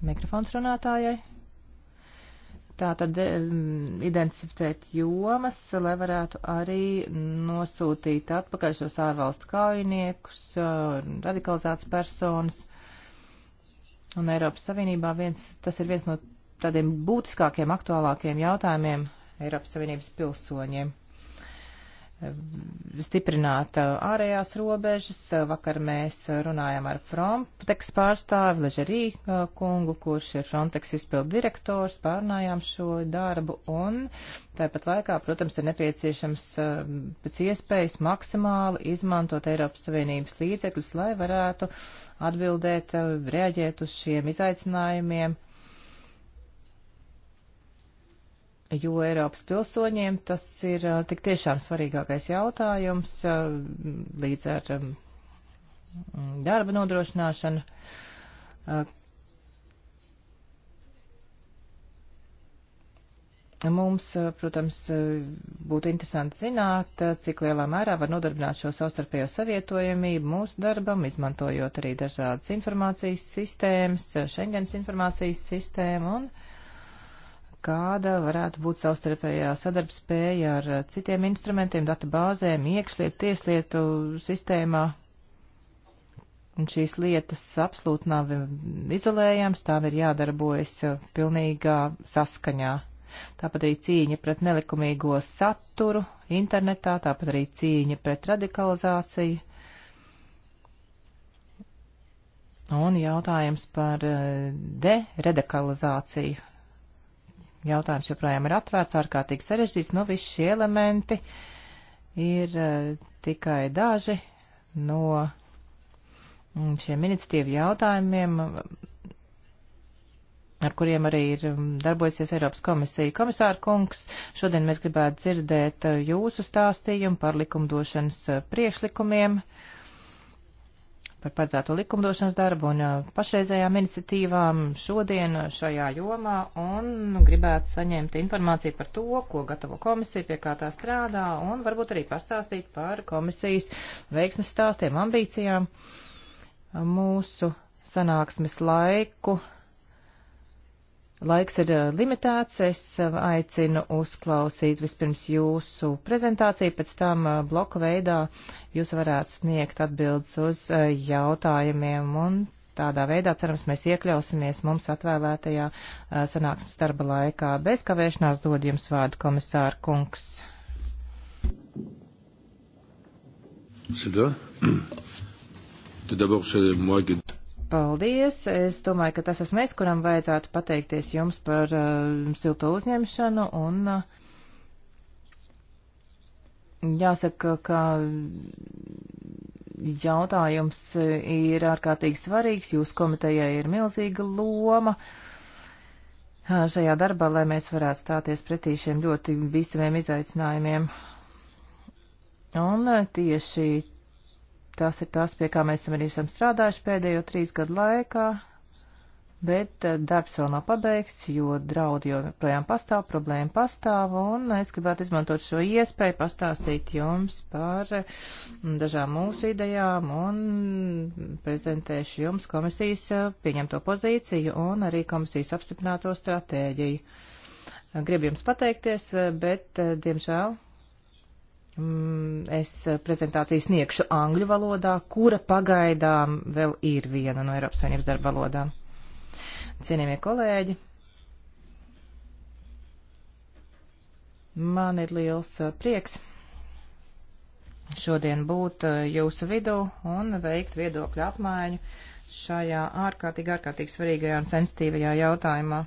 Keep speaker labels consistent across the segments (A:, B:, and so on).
A: Mikrofons runātājai. Tā tad identificēt jomas, lai varētu arī nosūtīt atpakaļ šos ārvalstu kaujiniekus, radikalizētas personas. Un Eiropas Savienībā viens, tas ir viens no tādiem būtiskākiem, aktuālākiem jautājumiem Eiropas Savienības pilsoņiem stiprināt uh, ārējās robežas. Uh, vakar mēs uh, runājām ar Frontex pārstāvi Ležerī kungu, kurš ir Frontex izpildu direktors, pārnājām šo darbu un tāpat laikā, protams, ir nepieciešams pēc iespējas maksimāli izmantot Eiropas Savienības līdzekļus, lai varētu atbildēt, reaģēt uz šiem izaicinājumiem jo Eiropas pilsoņiem tas ir uh, tik tiešām svarīgākais jautājums uh, līdz ar um, darba nodrošināšanu. Uh, mums, protams, būtu interesanti zināt, cik lielā mērā var nodarbināt šo savstarpējo savietojamību mūsu darbam, izmantojot arī dažādas informācijas sistēmas, Schengens informācijas sistēmu un kāda varētu būt savstarpējā sadarbspēja ar citiem instrumentiem, datubāzēm, iekšlietu, tieslietu sistēmā. Un šīs lietas absolūti nav izolējams, tām ir jādarbojas pilnīgā saskaņā. Tāpat arī cīņa pret nelikumīgo saturu internetā, tāpat arī cīņa pret radikalizāciju. Un jautājums par eh, deradikalizāciju Jautājums joprojām ir atvērts, ārkārtīgi sarežģīts, nu visi šie elementi ir eh, tikai daži no mm, šiem iniciatīvu jautājumiem, ar kuriem arī ir mm, darbojusies Eiropas komisija. Komisāra kungs, šodien mēs gribētu dzirdēt eh, jūsu stāstījumu par likumdošanas eh, priekšlikumiem. Uh, par paredzēto likumdošanas darbu un uh, pašreizējām iniciatīvām šodien šajā jomā un gribētu saņemt informāciju par to, ko gatavo komisija, pie kā tā strādā un varbūt arī pastāstīt par komisijas veiksmes stāstiem, ambīcijām, uh, mūsu sanāksmes laiku Laiks ir eh, limitēts. Es eh, aicinu uzklausīt vispirms jūsu prezentāciju, pēc tam eh, bloku veidā jūs varētu sniegt atbildes uz jautājumiem un tādā veidā, cerams, mēs iekļausimies mums atvēlētajā sanāksmes darba laikā. Bez kavēšanās dod jums vārdu komisāra kungs.
B: Tout d'abord, c'est moi qui
A: Paldies! Es domāju, ka tas esmu es, kuram vajadzētu pateikties jums par uh, silto uzņemšanu un uh, jāsaka, ka jautājums ir ārkārtīgi svarīgs. Jūsu komitejai ir milzīga loma uh, šajā darbā, lai mēs varētu stāties pretī šiem ļoti bīstamiem izaicinājumiem. Un uh, tieši Tās ir tās, pie kā mēs arī esam strādājuši pēdējo trīs gadu laikā, bet eh, darbs vēl nav pabeigts, jo draudi joprojām pastāv, problēma pastāv, un es gribētu izmantot šo iespēju pastāstīt jums par mm, dažām mūsu idejām un prezentēšu jums komisijas eh, pieņemto pozīciju un arī komisijas apstiprināto stratēģiju. Gribu jums pateikties, eh, bet, diemžēl, Mm, es eh, prezentāciju sniegšu angļu valodā, kura pagaidām vēl ir viena no Eiropas Savienības darba valodām. Cienījamie kolēģi, man ir liels eh, prieks šodien būt eh, jūsu vidū un veikt viedokļu apmaiņu šajā ārkārtīgi, ārkārtīgi svarīgajā un sensitīvajā jautājumā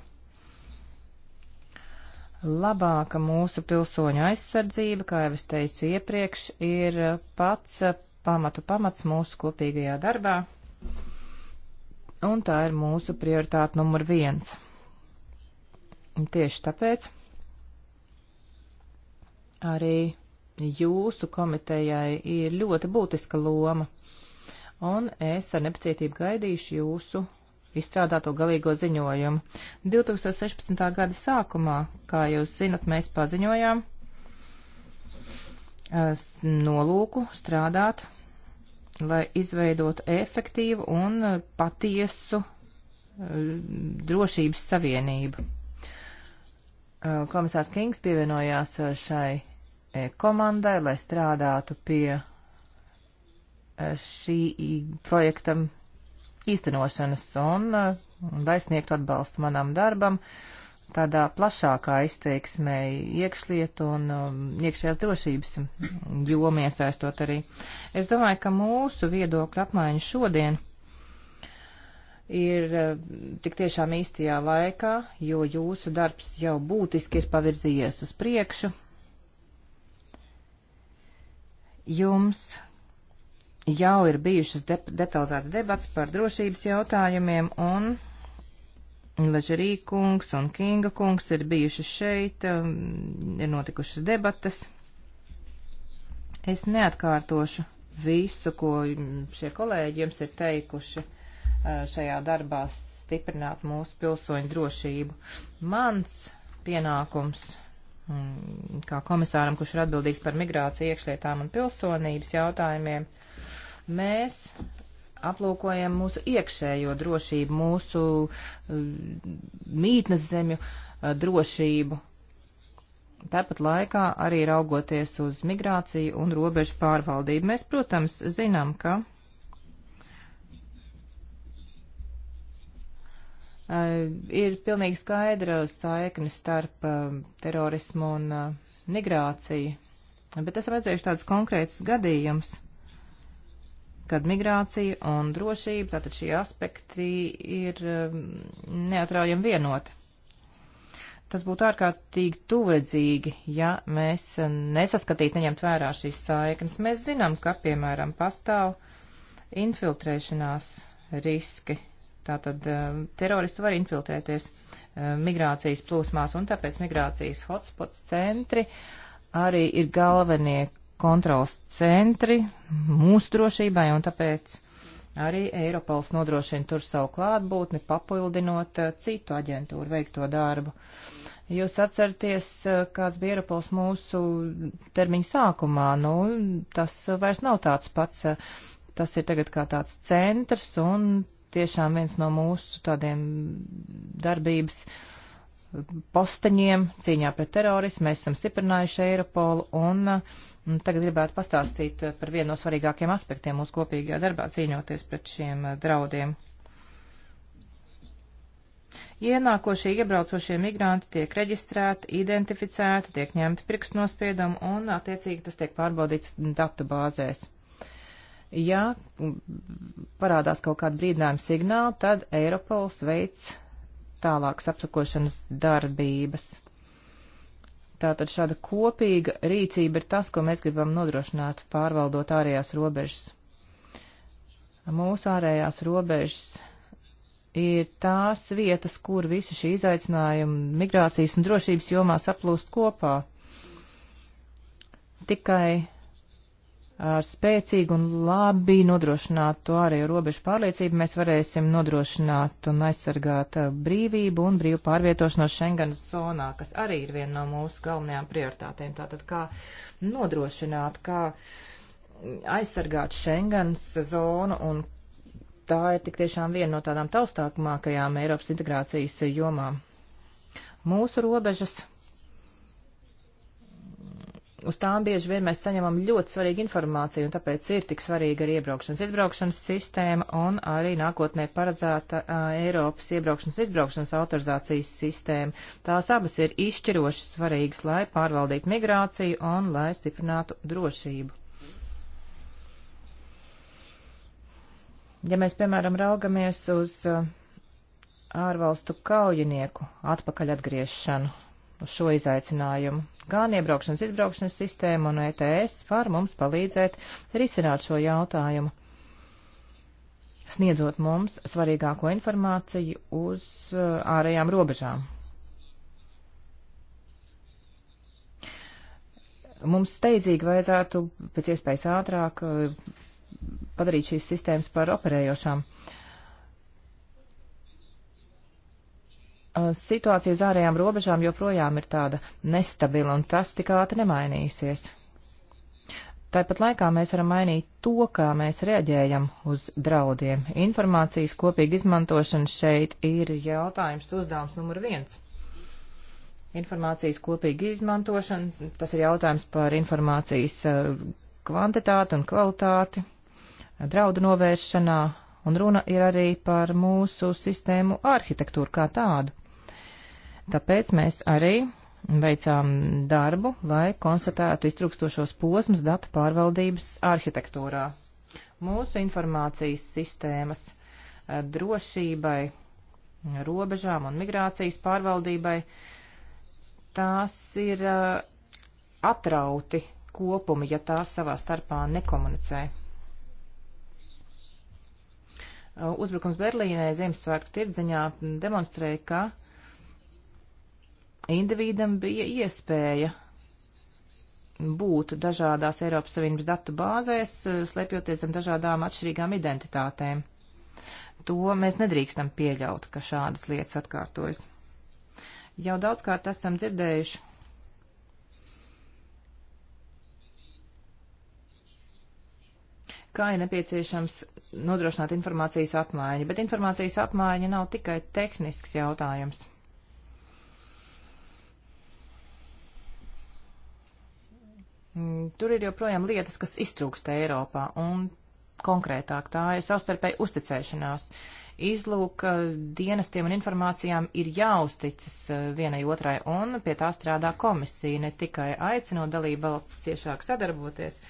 A: labāka mūsu pilsoņu aizsardzība, kā jau es teicu iepriekš, ir pats pamatu pamats mūsu kopīgajā darbā, un tā ir mūsu prioritāte numur viens. Tieši tāpēc arī jūsu komitejai ir ļoti būtiska loma, un es ar nepacietību gaidīšu jūsu izstrādāto galīgo ziņojumu. 2016. gada sākumā, kā jūs zinat, mēs paziņojām nolūku strādāt, lai izveidotu efektīvu un patiesu eh, drošības savienību. Eh, komisārs Kings pievienojās eh, šai komandai, lai strādātu pie šī projektam īstenošanas un uh, lai sniegtu atbalstu manam darbam tādā plašākā izteiksmē iekšlietu un um, iekšējās drošības jomu iesaistot arī. Es domāju, ka mūsu viedokļu apmaiņa šodien ir uh, tik tiešām īstajā laikā, jo jūsu darbs jau būtiski ir pavirzījies uz priekšu. Jums jau ir bijušas de detalizētas debats par drošības jautājumiem, un Ležerī kungs un Kinga kungs ir bijuši šeit, um, ir notikušas debatas. Es neatkārtošu visu, ko šie kolēģi jums ir teikuši uh, šajā darbā stiprināt mūsu pilsoņu drošību. Mans pienākums mm, kā komisāram, kurš ir atbildīgs par migrāciju, iekšlietām un pilsonības jautājumiem, Mēs aplūkojam mūsu iekšējo drošību, mūsu eh, mītnes zemju eh, drošību. Tāpat laikā arī raugoties uz migrāciju un robežu pārvaldību, mēs, protams, zinām, ka eh, ir pilnīgi skaidra saikne starp terorismu un migrāciju, bet esam redzējuši tādus konkrētus gadījumus kad migrācija un drošība, tātad šie aspekti ir um, neatraujami vienoti. Tas būtu ārkārtīgi tuvredzīgi, ja mēs nesaskatītu, neņemt vērā šīs saiknes. Mēs zinām, ka, piemēram, pastāv infiltrēšanās riski. Tātad um, teroristi var infiltrēties um, migrācijas plūsmās, un tāpēc migrācijas hotspots centri arī ir galvenie, kontrols centri mūsu drošībai, un tāpēc arī Eiropals nodrošina tur savu klātbūtni, papildinot eh, citu aģentūru veikto darbu. Jūs atceraties, eh, kāds bija Eiropals mūsu termiņa sākumā, nu, tas vairs nav tāds pats, eh, tas ir tagad kā tāds centrs, un tiešām viens no mūsu tādiem darbības uh, posteņiem cīņā pret terorismu. Mēs esam stiprinājuši Eiropolu un mm, tagad gribētu pastāstīt eh, par vienu no svarīgākiem aspektiem mūsu kopīgajā darbā cīņoties pret šiem eh, draudiem. Ienākošie iebraucošie migranti tiek reģistrēti, identificēti, tiek ņemti pirkstnospiedumi un, attiecīgi, tas tiek pārbaudīts datu bāzēs. Ja mm, parādās kaut kāda brīdinājuma signāla, tad Eiropols veids tālākas apsakošanas darbības. Tātad šāda kopīga rīcība ir tas, ko mēs gribam nodrošināt, pārvaldot ārējās robežas. Mūsu ārējās robežas ir tās vietas, kur visi šī izaicinājumi migrācijas un drošības jomā saplūst kopā. Tikai ar spēcīgu un labi nodrošinātu ārējo robežu pārliecību mēs varēsim nodrošināt un aizsargāt uh, brīvību un brīvu pārvietošanos Schengenas zonā, kas arī ir viena no mūsu galvenajām prioritātēm. Tātad kā nodrošināt, kā aizsargāt Schengenas zonu un tā ir tik tiešām viena no tādām taustākumākajām Eiropas integrācijas jomām. Mūsu robežas uz tām bieži vien mēs saņemam ļoti svarīgu informāciju, un tāpēc ir tik svarīga arī iebraukšanas izbraukšanas sistēma un arī nākotnē paredzēta uh, Eiropas iebraukšanas izbraukšanas autorizācijas sistēma. Tās abas ir izšķiroši svarīgas, lai pārvaldītu migrāciju un lai stiprinātu drošību. Ja mēs, piemēram, raugamies uz uh, ārvalstu kaujinieku atpakaļ atgriešanu, uz šo izaicinājumu. Gan iebraukšanas izbraukšanas sistēma un ETS var mums palīdzēt risināt šo jautājumu, sniedzot mums svarīgāko informāciju uz uh, ārējām robežām. Mums steidzīgi vajadzētu pēc iespējas ātrāk uh, padarīt šīs sistēmas par operējošām. Uh, situācija uz ārējām robežām joprojām ir tāda nestabila, un tas tik ātri nemainīsies. Tāpat laikā mēs varam mainīt to, kā mēs reaģējam uz draudiem. Informācijas kopīga izmantošana šeit ir jautājums uzdevums numur viens. Informācijas kopīga izmantošana, tas ir jautājums par informācijas kvantitāti un kvalitāti, draudu novēršanā, un runa ir arī par mūsu sistēmu arhitektūru kā tādu. Tāpēc mēs arī veicām darbu, lai konstatētu iztrukstošos posmus datu pārvaldības arhitektūrā. Mūsu informācijas sistēmas eh, drošībai, robežām un migrācijas pārvaldībai tās ir eh, atrauti kopumi, ja tās savā starpā nekomunicē. Eh, uzbrukums Berlīnē Ziemassvētku tirdziņā demonstrēja, ka individam bija iespēja būt dažādās Eiropas Savienības datu bāzēs, slēpjoties zem dažādām atšķirīgām identitātēm. To mēs nedrīkstam pieļaut, ka šādas lietas atkārtojas. Jau daudzkārt esam dzirdējuši. kā ir nepieciešams nodrošināt informācijas apmaiņu, bet informācijas apmaiņa nav tikai tehnisks jautājums. Mm, tur ir joprojām lietas, kas iztrūkst Eiropā, un konkrētāk tā ir savstarpēji uzticēšanās. Izlūk eh, dienestiem un informācijām ir jāuzticas eh, vienai otrai, un pie tā strādā komisija, ne tikai aicinot dalību valsts ciešāk sadarboties,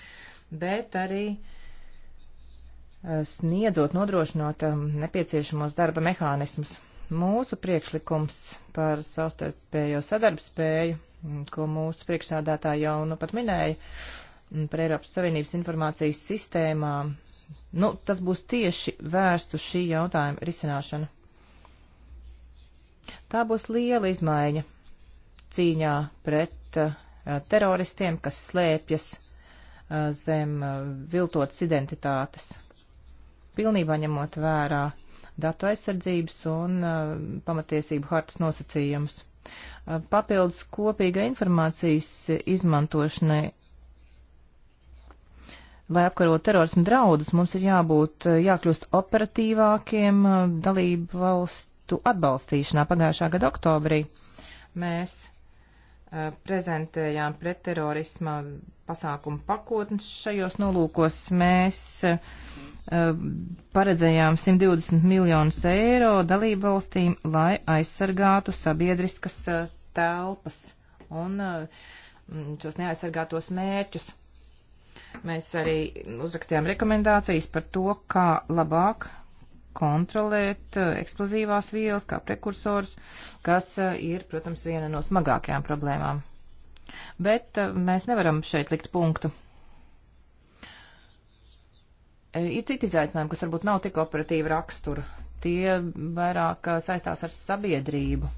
A: bet arī eh, sniedzot, nodrošinot nepieciešamos darba mehānismus. Mūsu priekšlikums par savstarpējo sadarbspēju Mm, ko mūsu priekšsādātā jau nu pat minēja mm, par Eiropas Savienības informācijas sistēmām. Nu, tas būs tieši vērsts uz šī jautājuma risināšanu. Tā būs liela izmaiņa cīņā pret uh, teroristiem, kas slēpjas uh, zem uh, viltotas identitātes, pilnībā ņemot vērā datu aizsardzības un pamatiesību hartas nosacījumus. Uh, papildus kopīga informācijas izmantošanai. Lai apkarot terorismu draudus, mums ir jābūt, uh, jākļūst operatīvākiem uh, dalību valstu atbalstīšanā. Pagājušā gada oktobrī mēs Eh, prezentējām pretterorisma pasākumu pakotnes šajos nolūkos. Mēs eh, paredzējām 120 miljonus eiro dalību valstīm, lai aizsargātu sabiedriskas eh, telpas un šos neaizsargātos mērķus. Mēs arī uzrakstījām rekomendācijas par to, kā labāk kontrolēt eh, eksplozīvās vielas, kā prekursors, kas eh, ir, protams, viena no smagākajām problēmām. Bet eh, mēs nevaram šeit likt punktu. Ir citi izaicinājumi, kas varbūt nav tik operatīva rakstura. Tie vairāk saistās ar sabiedrību.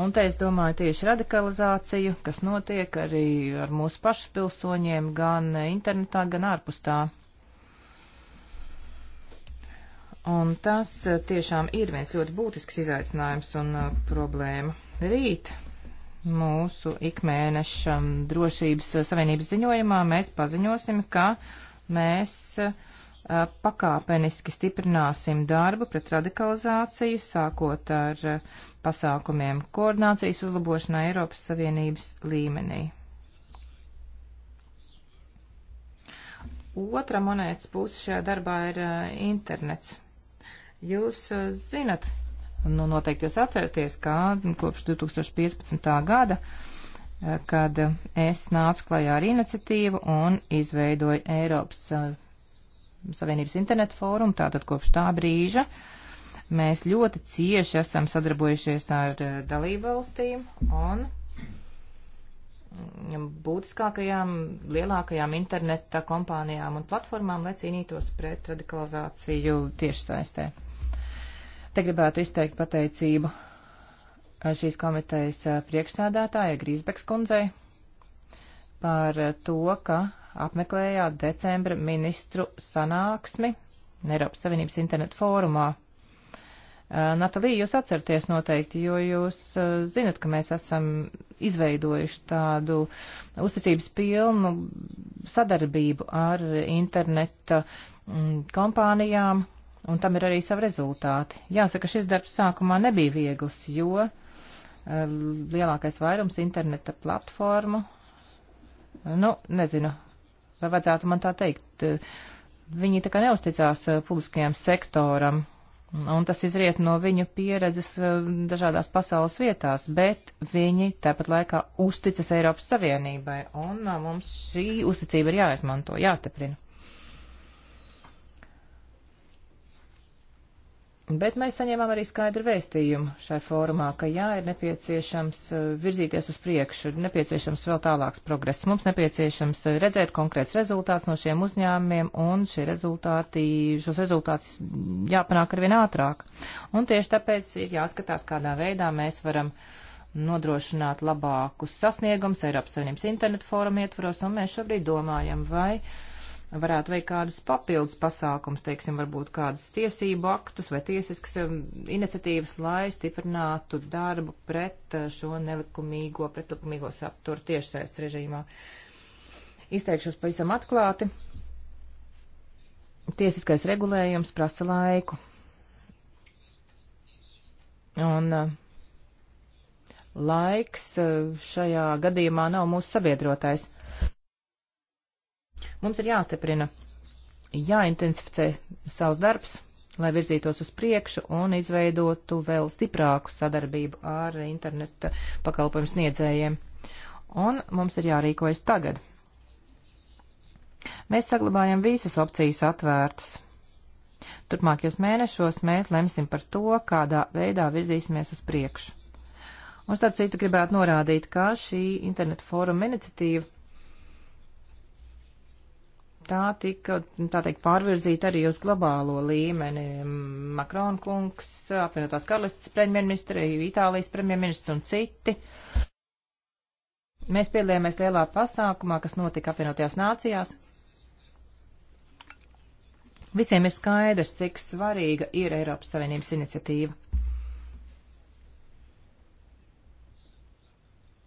A: Un te es domāju tieši radikalizāciju, kas notiek arī ar mūsu pašu pilsoņiem, gan internetā, gan ārpus tā. Un tas eh, tiešām ir viens ļoti būtisks izaicinājums un uh, problēma. Rīt mūsu ikmēneša drošības eh, savienības ziņojumā mēs paziņosim, ka mēs uh, pakāpeniski stiprināsim darbu pret radikalizāciju, sākot ar uh, pasākumiem koordinācijas uzlabošanā Eiropas Savienības līmenī. Otra monētas puse šajā darbā ir internets Jūs zinat, nu noteikti jūs atceraties, kā kopš 2015. gada, kad es nācu klajā ar iniciatīvu un izveidoju Eiropas Savienības internetu fórumu, tātad kopš tā brīža mēs ļoti cieši esam sadarbojušies ar dalībvalstīm un būtiskākajām, lielākajām interneta kompānijām un platformām, lai cīnītos pret radikalizāciju tiešsaistē. Te gribētu izteikt pateicību eh, šīs komitejas eh, priekšsādātāja Grīsbeks kundzei par eh, to, ka apmeklējāt decembra ministru sanāksmi Eiropas Savienības internetu fórumā. Natalija, jūs atceraties noteikti, jo jūs zinat, ka mēs esam izveidojuši tādu uzticības pilnu sadarbību ar interneta mm, kompānijām, un tam ir arī savi rezultāti. Jāsaka, šis darbs sākumā nebija viegls, jo eh, lielākais vairums interneta platformu, nu, nezinu, vai vajadzētu man tā teikt, eh, viņi tā kā neusticās eh, publiskajam sektoram, un tas izriet no viņu pieredzes dažādās pasaules vietās, bet viņi tāpat laikā uzticas Eiropas Savienībai, un mums šī uzticība ir jāizmanto, jāstiprina. Bet mēs saņēmām arī skaidru vēstījumu šai fórumā, ka jā, ir nepieciešams eh, virzīties uz priekšu, ir nepieciešams vēl tālāks progress. Mums nepieciešams eh, redzēt konkrēts rezultāts no šiem uzņēmumiem, un šie rezultāti, šos rezultātus jāpanāk arvien ātrāk. Un tieši tāpēc ir jāskatās, kādā veidā mēs varam nodrošināt labākus sasniegumus Eiropas Savienības internetu fórumu ietvaros, un mēs šobrīd domājam, vai varētu veikt kādus papildus pasākums, teiksim, varbūt kādas tiesību aktus vai tiesiskas um, iniciatīvas, lai stiprinātu darbu pret uh, šo nelikumīgo, pretlikumīgo saturu tiešsaist režīmā. Izteikšos pavisam atklāti. Tiesiskais regulējums prasa laiku. Un uh, laiks uh, šajā gadījumā nav mūsu sabiedrotais. Mums ir jāstiprina, jāintensificē savs darbs, lai virzītos uz priekšu un izveidotu vēl stiprāku sadarbību ar interneta pakalpojumu sniedzējiem. Un mums ir jārīkojas tagad. Mēs saglabājam visas opcijas atvērtas. Turpmākajos mēnešos mēs lemsim par to, kādā veidā virzīsimies uz priekšu. Un starp citu gribētu norādīt, ka šī interneta fóruma iniciatīva tā tika, tā teikt, pārvirzīta arī uz globālo līmeni. Makrona kungs, apvienotās karalists premjerministri, Itālijas premjerministrs un citi. Mēs piedalījāmies lielā pasākumā, kas notika apvienotajās nācijās. Visiem ir skaidrs, cik svarīga ir Eiropas Savienības iniciatīva.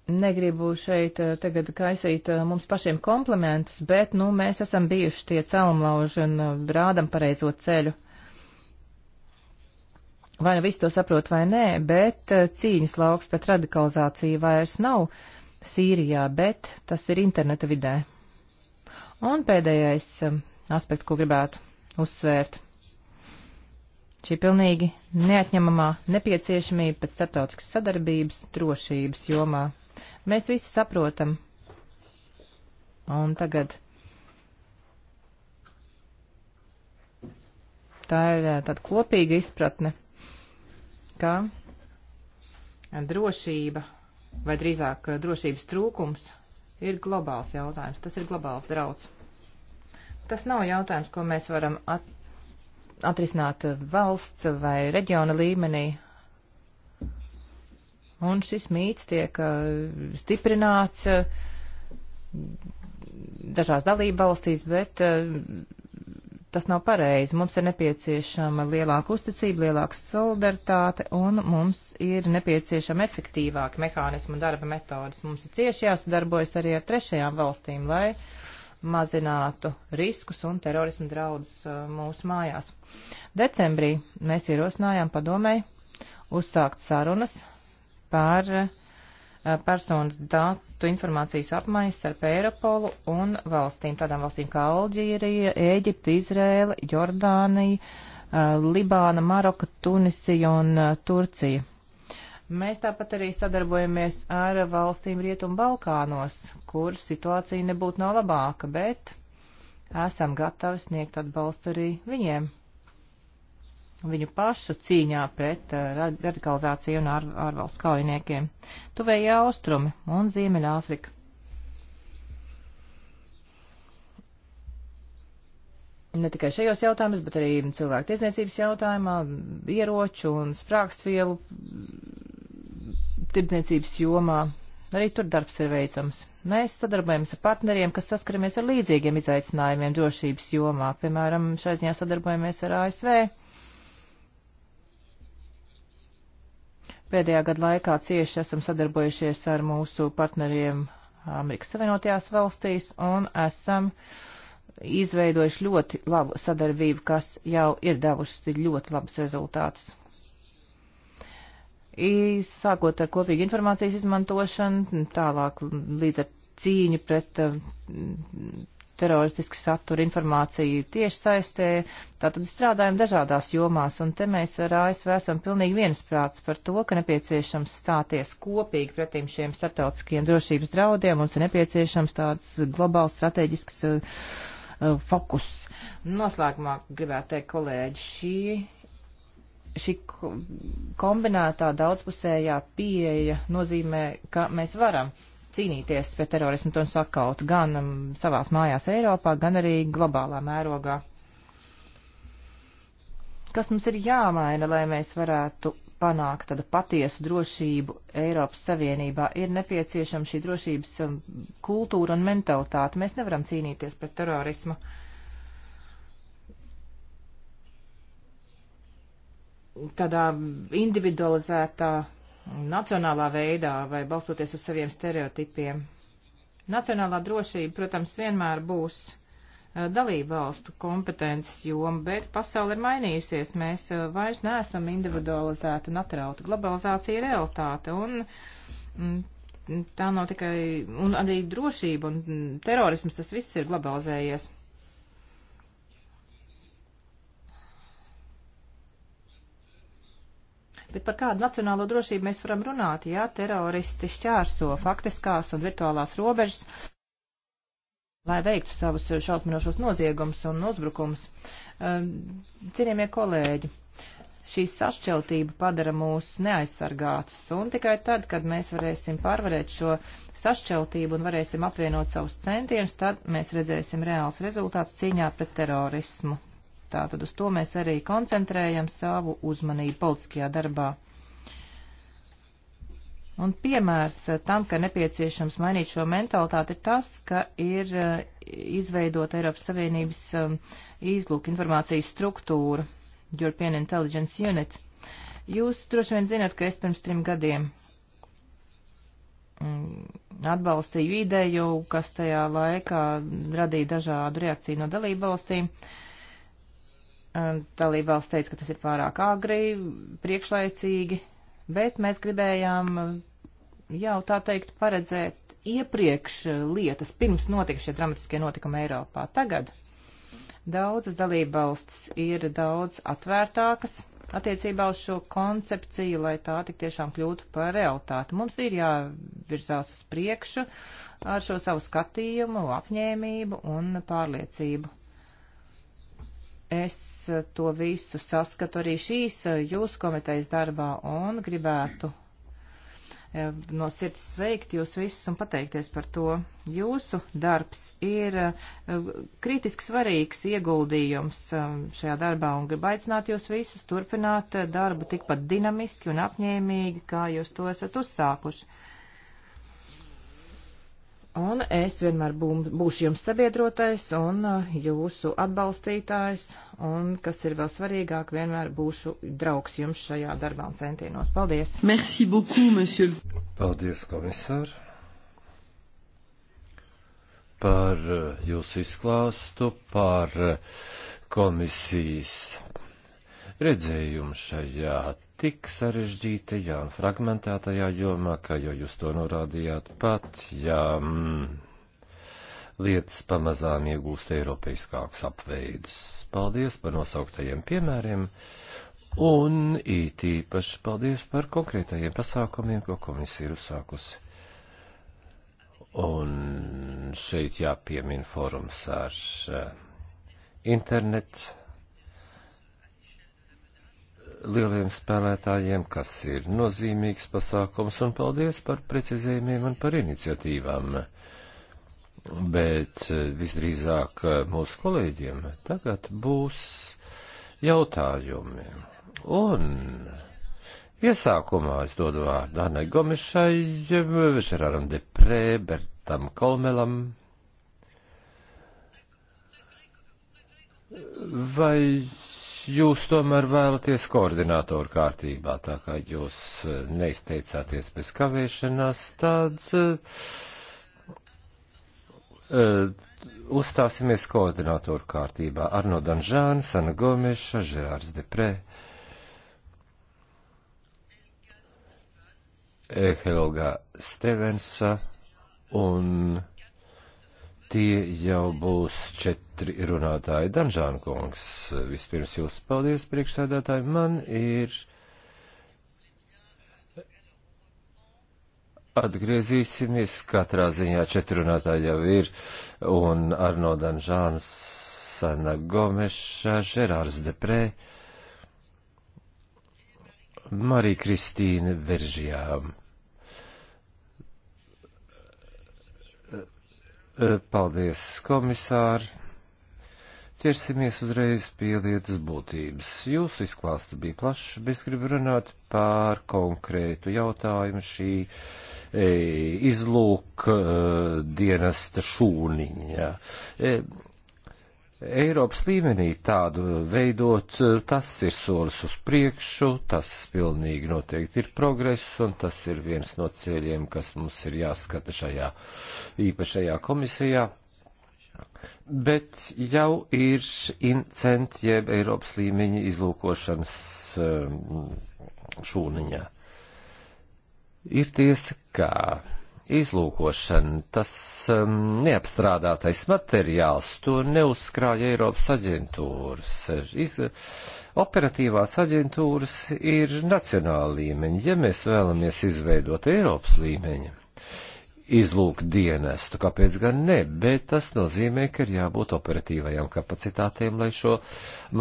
A: negribu šeit eh, tagad kaisīt eh, mums pašiem komplementus, bet, nu, mēs esam bijuši tie celmlauži un eh, rādam pareizo ceļu. Vai nu visi to saprot vai nē, bet cīņas lauks pret radikalizāciju vairs nav Sīrijā, bet tas ir interneta vidē. Un pēdējais aspekts, ko gribētu uzsvērt. Šī pilnīgi neatņemamā nepieciešamība pēc starptautiskas sadarbības drošības jomā. Mēs visi saprotam. Un tagad tā ir eh, tāda kopīga izpratne, ka drošība, vai drīzāk eh, drošības trūkums, ir globāls jautājums. Tas ir globāls drauds. Tas nav jautājums, ko mēs varam at atrisināt eh, valsts vai reģiona līmenī. Un šis mīts tiek eh, stiprināts eh, dažās dalība valstīs, bet eh, tas nav pareizi. Mums ir nepieciešama lielāka uzticība, lielāka solidaritāte un mums ir nepieciešama efektīvāka mehānismu un darba metodas. Mums ir cieši jāsadarbojas arī ar trešajām valstīm, lai mazinātu riskus un terorismu draudus mūsu mājās. Decembrī mēs ierosinājām padomēji uzsākt sarunas par eh, personas datu informācijas apmaiņas starp Eiropolu un valstīm, tādām valstīm kā Alģīrija, Ēģipte, Izrēla, Jordānija, eh, Libāna, Maroka, Tunisija un eh, Turcija. Mēs tāpat arī sadarbojamies ar valstīm Rietumu Balkānos, kur situācija nebūtu nav labāka, bet esam gatavi sniegt atbalstu arī viņiem viņu pašu cīņā pret eh, radikalizāciju un ār, ārvalstu kaujiniekiem. Tuvējā austrumi un Ziemeļāfrika. Ne tikai šajos jautājumos, bet arī cilvēku tiesniecības jautājumā, ieroču un sprākstvielu tirdzniecības jomā. Arī tur darbs ir veicams. Mēs sadarbojamies ar partneriem, kas saskaramies ar līdzīgiem izaicinājumiem drošības jomā. Piemēram, šai ziņā sadarbojamies ar ASV Pēdējā gada laikā cieši esam sadarbojušies ar mūsu partneriem Amerikas Savienotajās valstīs un esam izveidojuši ļoti labu sadarbību, kas jau ir devušas ļoti labus rezultātus. Sākot ar kopīgu informācijas izmantošanu, tālāk līdz ar cīņu pret uh, teroristiski satura informāciju tieši saistē. Tātad strādājam dažādās jomās, un te mēs ar ASV esam pilnīgi viensprāts par to, ka nepieciešams stāties kopīgi pretīm šiem starptautiskiem drošības draudiem, mums ir nepieciešams tāds globāls strateģisks uh, uh, fokus. Noslēgumā gribētu teikt, kolēģi, šī, šī kombinētā daudzpusējā pieeja nozīmē, ka mēs varam uh, cīnīties pret terorismu un sakaut gan um, savās mājās Eiropā, gan arī globālā mērogā. Kas mums ir jāmaina, lai mēs varētu panākt tādu patiesu drošību Eiropas Savienībā, ir nepieciešama šī drošības um, kultūra un mentalitāte. Mēs nevaram cīnīties pret terorismu. Tādā individualizētā nacionālā veidā vai balstoties uz saviem stereotipiem. Nacionālā drošība, protams, vienmēr būs eh, dalību valstu kompetences joma, bet pasauli ir mainījusies. Mēs eh, vairs neesam individualizēti un atrauti. Globalizācija ir realitāte un mm, tā nav tikai, un arī drošība un mm, terorisms, tas viss ir globalizējies. Bet par kādu nacionālo drošību mēs varam runāt, ja teroristi šķērso faktiskās un virtuālās robežas, lai veiktu savus šausminošos noziegumus un uzbrukums? Ehm, cienījamie kolēģi, šī sašķeltība padara mūs neaizsargātus, un tikai tad, kad mēs varēsim pārvarēt šo sašķeltību un varēsim apvienot savus centienus, tad mēs redzēsim reāls rezultāts cīņā pret terorismu. Tātad uz to mēs arī koncentrējam savu uzmanību politiskajā darbā. Un piemērs eh, tam, ka nepieciešams mainīt šo mentalitāti, ir tas, ka ir eh, izveidota Eiropas Savienības um, izlūk informācijas struktūra, European Intelligence Unit. Jūs droši vien zinat, ka es pirms trim gadiem mm, atbalstīju ideju, kas tajā laikā radīja dažādu reakciju no dalību valstīm. Uh, Ehm, dalībvalsts teica, ka tas ir pārāk agri, priekšlaicīgi, bet mēs gribējām ehm, jau tā teikt paredzēt iepriekš eh, lietas, pirms notika šie dramatiskie notikumi Eiropā. Tagad daudzas dalībvalsts ir daudz atvērtākas attiecībā uz šo koncepciju, lai tā tik tiešām kļūtu par realitāti. Mums ir jāvirzās uz priekšu ar šo savu skatījumu, apņēmību un pārliecību. Es eh, to visu saskatu arī šīs eh, jūsu komitejas darbā un gribētu eh, no sirds sveikt jūs visus un pateikties par to. Jūsu darbs ir kritiski svarīgs ieguldījums šajā darbā un gribu aicināt jūs visus turpināt darbu tikpat dinamiski un apņēmīgi, kā jūs to esat uzsākuši. Un es vienmēr būšu jums sabiedrotais un uh, jūsu atbalstītājs, un, kas ir vēl svarīgāk, vienmēr būšu draugs jums šajā darbā un centienos. Paldies!
B: Merci beaucoup, monsieur!
C: Paldies, komisār! Par uh, jūsu izklāstu, par uh, komisijas redzējumu šajā tik sarežģītajā un fragmentētajā jomā, kā jau jūs to norādījāt pats, ja mm, lietas pamazām iegūst eiropeiskākus apveidus. Paldies par nosauktajiem piemēriem, un īpaši paldies par konkrētajiem pasākumiem, ko komisija ir uzsākusi. Un šeit jāpiemina forums ar eh, internetu lieliem spēlētājiem, kas ir nozīmīgs pasākums, un paldies par precizējumiem un par iniciatīvām. Bet eh, visdrīzāk eh, mūsu kolēģiem tagad būs jautājumi. Un iesākumā es dodu vārdu Anai Gomišai, Žeraram Deprē, Bertam Kolmelam, Vai jūs tomēr vēlaties koordinātoru kārtībā, tā kā jūs e, neizteicāties bez kavēšanās, tāds uh, e, e, uzstāsimies koordinātoru kārtībā. Arno Danžāns, Ana Gomeša, Žerārs Deprē, Helga Stevensa un tie jau būs četri četri runātāji. Danžāna kungs, vispirms jūs paldies priekšsēdētāji. Man ir. Atgriezīsimies, katrā ziņā četrunātāji jau ir, un Arno Danžāns, Sana Gomeša, Žerārs Deprē, Marija Kristīne Veržijām. Paldies, komisāri! Ķersimies uzreiz pie lietas būtības. Jūsu izklāsts bija plašs, bet es gribu runāt pār konkrētu jautājumu šī e, izlūk e, dienesta šūniņa. E, Eiropas līmenī tādu veidot, e, tas ir solis uz priekšu, tas pilnīgi noteikti ir progress, un tas ir viens no ceļiem, kas mums ir jāskata šajā īpašajā komisijā bet jau ir incenti jeb Eiropas līmeņa izlūkošanas um, šūniņā. Ir tiesa, ka izlūkošana, tas um, neapstrādātais materiāls, to neuzkrāja Eiropas aģentūras. Iz, operatīvās aģentūras ir nacionāla līmeņa, ja mēs vēlamies izveidot Eiropas līmeņa izlūk dienestu, kāpēc gan ne, bet tas nozīmē, ka ir jābūt operatīvajām kapacitātēm, lai šo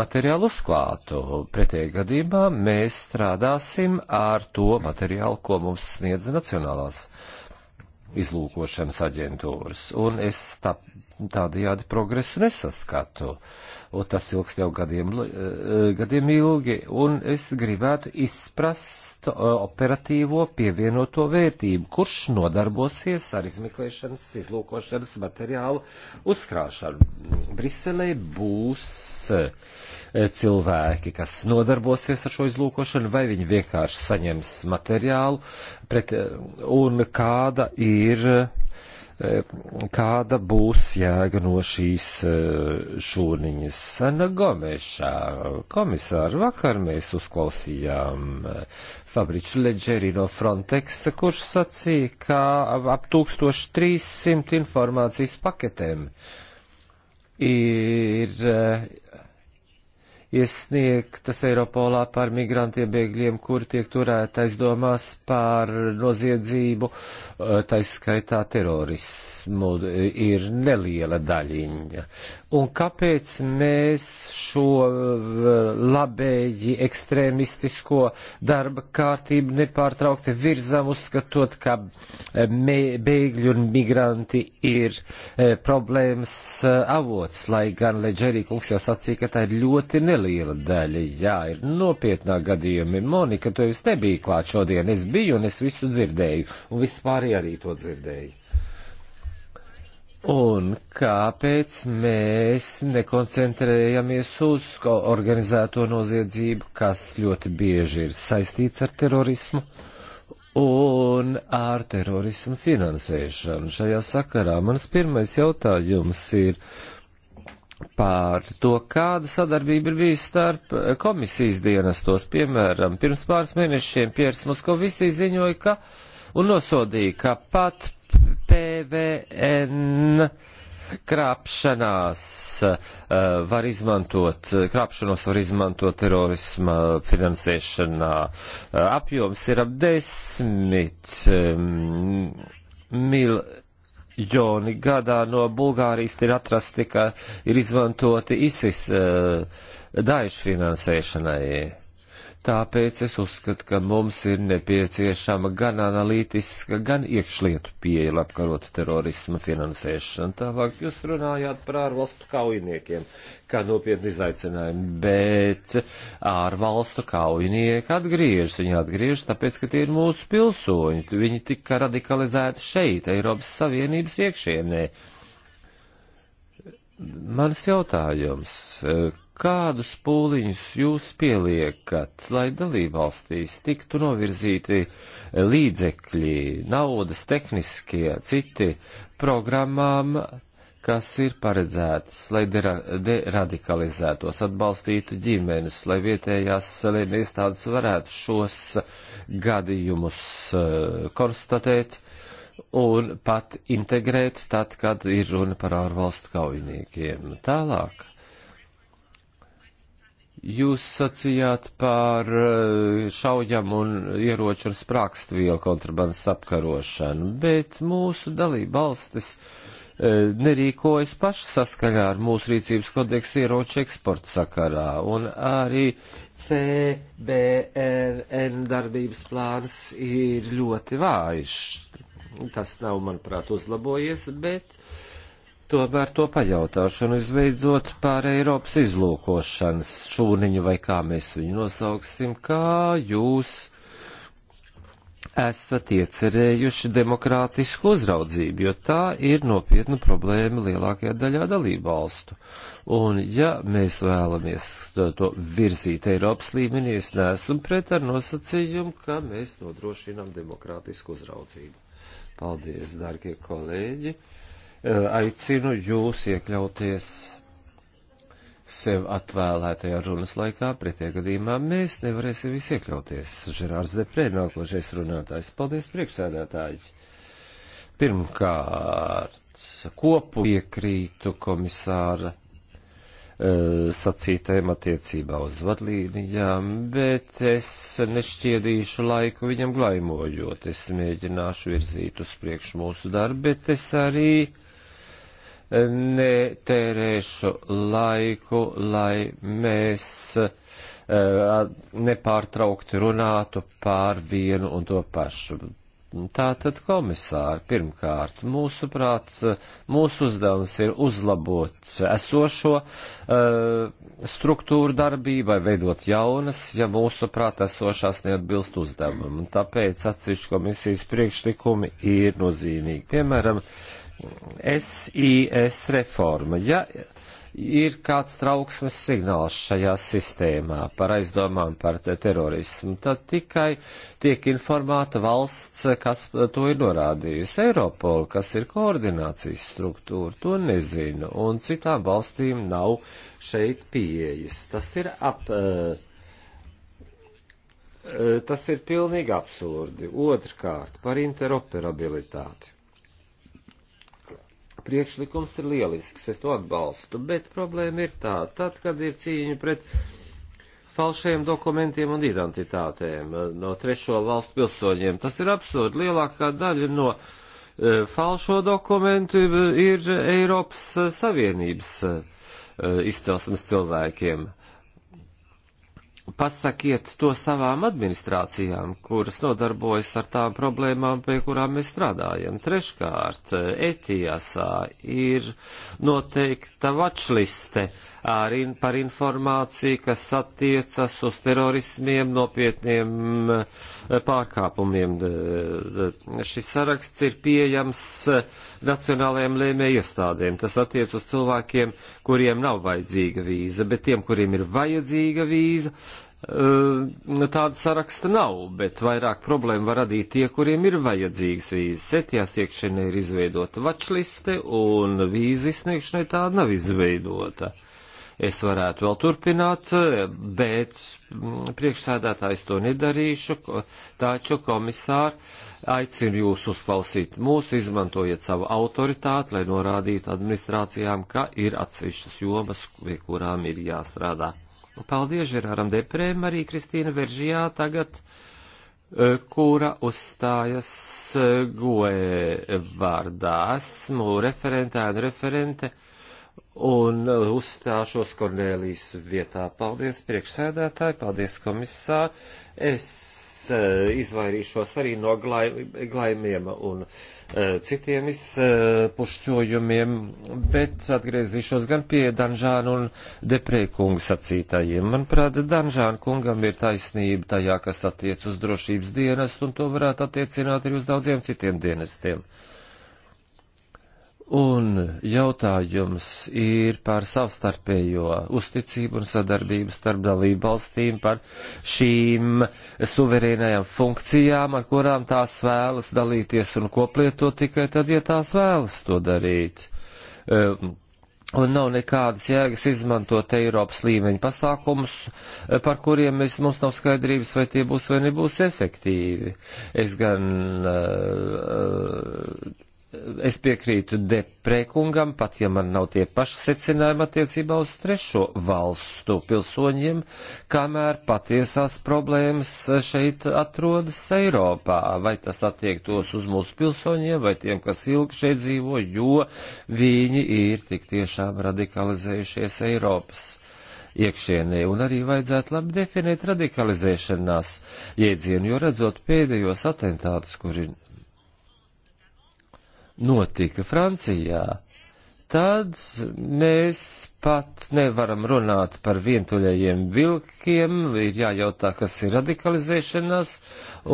C: materiālu uzklātu. Pretējā gadījumā mēs strādāsim ar to materiālu, ko mums sniedz Nacionālās izlūkošanas aģentūras. Un es tā, tādajādi progresu nesaskatu, un tas ilgs jau gadiem, e, gadiem ilgi, un es gribētu izprast e, operatīvo pievienoto vērtību, kurš nodarbosies ar izmeklēšanas, izlūkošanas materiālu uzkrāšanu. Briselē būs e, cilvēki, kas nodarbosies ar šo izlūkošanu, vai viņi vienkārši saņems materiālu, pret, un kāda ir Eh, kāda būs jēga no šīs eh, šūniņas. Ana Gomešā, komisāra, vakar mēs uzklausījām eh, Fabriču Leģeri no Frontex, kurš sacīja, ka ap 1300 informācijas paketēm ir iesniegtas Eiropolā par migrantiem bēgļiem, kuri tiek turēti aizdomās par noziedzību, eh, taiskaitā terorismu, eh, ir neliela daļiņa. Un kāpēc mēs šo eh, labēji ekstrēmistisko darba kārtību nepārtraukti virzam, uzskatot, ka bēgļi un migranti ir problēmas avots, lai gan Leģerī kungs jau sacīja, ka tā ir ļoti neliela neliela daļa. Jā, ir nopietnā gadījumi. Monika, tu es nebiju klāt šodien. Es biju un es visu dzirdēju. Un vispārēji arī to dzirdēju. Un kāpēc mēs nekoncentrējamies uz organizēto noziedzību, kas ļoti bieži ir saistīts ar terorismu? un ar terorismu finansēšanu. Šajā sakarā mans pirmais jautājums ir, par to, kāda sadarbība ir bijusi starp eh, komisijas dienestos. Piemēram, pirms pāris mēnešiem Piers Muskovisī ziņoja, ka un nosodīja, ka pat PVN krāpšanās uh, var izmantot, eh, krāpšanos var izmantot terorisma finansēšanā. Uh, apjoms ir ap desmit um, mil miljoni gadā no Bulgārijas ir atrasti, ka ir izmantoti ISIS uh, daļu finansēšanai. Tāpēc es uzskatu, ka mums ir nepieciešama gan analītiska, gan iekšlietu pieeja, lai apkarotu terorisma finansēšanu. Tālāk jūs runājāt par ārvalstu kaujiniekiem, kā nopietni izaicinājumi, bet ārvalstu kaujinieki atgriežas, viņi atgriežas, tāpēc, ka tie ir mūsu pilsoņi, viņi tika radikalizēti šeit, Eiropas Savienības iekšienē. Mans jautājums, kādus pūliņus jūs pieliekat, lai dalībvalstīs tiktu novirzīti līdzekļi, naudas, tehniskie, citi programmām, kas ir paredzētas, lai dera, deradikalizētos, atbalstītu ģimenes, lai vietējās salīm iestādes varētu šos gadījumus uh, konstatēt un pat integrēt tad, kad ir runa par ārvalstu kaujiniekiem. Tālāk Jūs sacījāt par eh, šaujam un ieroču un sprākstvielu kontrabandas apkarošanu, bet mūsu dalība valstis eh, nerīkojas paši saskaņā ar mūsu rīcības kodeksu ieroču eksporta sakarā, un arī CBRN darbības plāns ir ļoti vājš. Tas nav, manuprāt, uzlabojies, bet uh, Tomēr to pajautāšanu izveidzot pār Eiropas izlūkošanas šūniņu vai kā mēs viņu nosauksim, kā jūs esat iecerējuši demokrātisku uzraudzību, jo tā ir nopietna problēma lielākajā daļā dalībvalstu. Un ja mēs vēlamies to, to virzīt Eiropas līmenī, es neesmu pret ar nosacījumu, ka mēs nodrošinām demokrātisku uzraudzību. Paldies, dārgie kolēģi! Eh, aicinu jūs iekļauties sev atvēlētajā runas laikā, pretie gadījumā mēs nevarēsim visi iekļauties. Žerārs Deprē, nākošais runātājs. Paldies, priekšsēdētāji! Pirmkārt, kopu piekrītu komisāra eh, sacītajam attiecībā uz vadlīnijām, bet es nešķiedīšu laiku viņam glaimojot. Es mēģināšu virzīt uz priekšu mūsu darbu, bet es arī netērēšu laiku, lai mēs eh, nepārtraukti runātu pār vienu un to pašu. Tātad, komisāri, pirmkārt, mūsu prāts, mūsu uzdevums ir uzlabot esošo uh, struktūru darbību vai veidot jaunas, ja mūsu prāt esošās neatbilst uzdevumam. Tāpēc atsevišķi komisijas priekšlikumi ir nozīmīgi. Piemēram, uh, SIS reforma. Ja ir kāds trauksmes signāls šajā sistēmā par aizdomām par te terorismu, tad tikai tiek informēta valsts, kas to ir norādījusi. Eiropola, kas ir koordinācijas struktūra, to nezinu, un citām valstīm nav šeit pieejas. Tas ir ap. Uh, Tas ir pilnīgi absurdi. Otrkārt, par interoperabilitāti priekšlikums ir lielisks, es to atbalstu, bet problēma ir tā, tad, kad ir cīņa pret falšiem dokumentiem un identitātēm eh, no trešo valstu pilsoņiem, tas ir absurdi. Lielākā daļa no uh, falšo dokumentu eh, ir Eiropas Savienības uh, izcelsmes cilvēkiem. Uh, pasakiet to savām administrācijām, kuras nodarbojas ar tām problēmām, pie kurām mēs strādājam. Treškārt, ETIASā ir noteikta vačliste ar in, par informāciju, kas attiecas uz terorismiem, nopietniem eh, pārkāpumiem. Šis saraksts ir pieejams eh, nacionālajiem lēmēju iestādēm. Tas attiec uz cilvēkiem, kuriem nav vajadzīga vīza, bet tiem, kuriem ir vajadzīga vīza, tāda saraksta nav, bet vairāk problēmu var radīt tie, kuriem ir vajadzīgas vīzes. Setjās iekšienē ir izveidota vačliste, un vīzu izsniegšanai tāda nav izveidota. Es varētu vēl turpināt, bet mm, priekšsēdētājs to nedarīšu, taču komisāri aicinu jūs uzklausīt mūsu, izmantojiet savu autoritāti, lai norādītu administrācijām, ka ir atsevišķas jomas, pie kurām ir jāstrādā. Paldies Žerāram Deprēm, arī Kristīna Veržijā tagad, eh, kura uzstājas eh, goe vārdā. Esmu referentē un referente un eh, uzstāšos Kornēlijas vietā. Paldies priekšsēdētāji, paldies komisār. Es Eh, izvairīšos arī no glaimiem un eh, citiem izpušķojumiem, bet atgriezīšos gan pie Danžāna un Deprēkunga sacītajiem. Manuprāt, Danžāna kungam ir taisnība tajā, kas attiec uz drošības dienestu, un to varētu attiecināt arī uz daudziem citiem dienestiem. Uh, Un jautājums ir par savstarpējo uzticību un sadarbību starp dalību valstīm par šīm suverēnajām funkcijām, ar kurām tās vēlas dalīties un koplietot tikai tad, ja tās vēlas to darīt. Um, Un nav nekādas jēgas izmantot Eiropas līmeņa pasākumus, eh, par kuriem mēs, mums nav skaidrības, vai tie būs vai nebūs efektīvi. Es gan uh, es piekrītu deprēkungam, pat ja man nav tie paši secinājumi attiecībā uz trešo valstu pilsoņiem, kamēr patiesās problēmas šeit atrodas Eiropā. Vai tas attiektos uz mūsu pilsoņiem vai tiem, kas ilgi šeit dzīvo, jo viņi ir tik tiešām radikalizējušies Eiropas iekšienē, un arī vajadzētu labi definēt radikalizēšanās jēdzienu, jo redzot pēdējos atentātus, kuri notika Francijā tad mēs pat nevaram runāt par vientuļajiem vilkiem, ir jājautā, kas ir radikalizēšanās,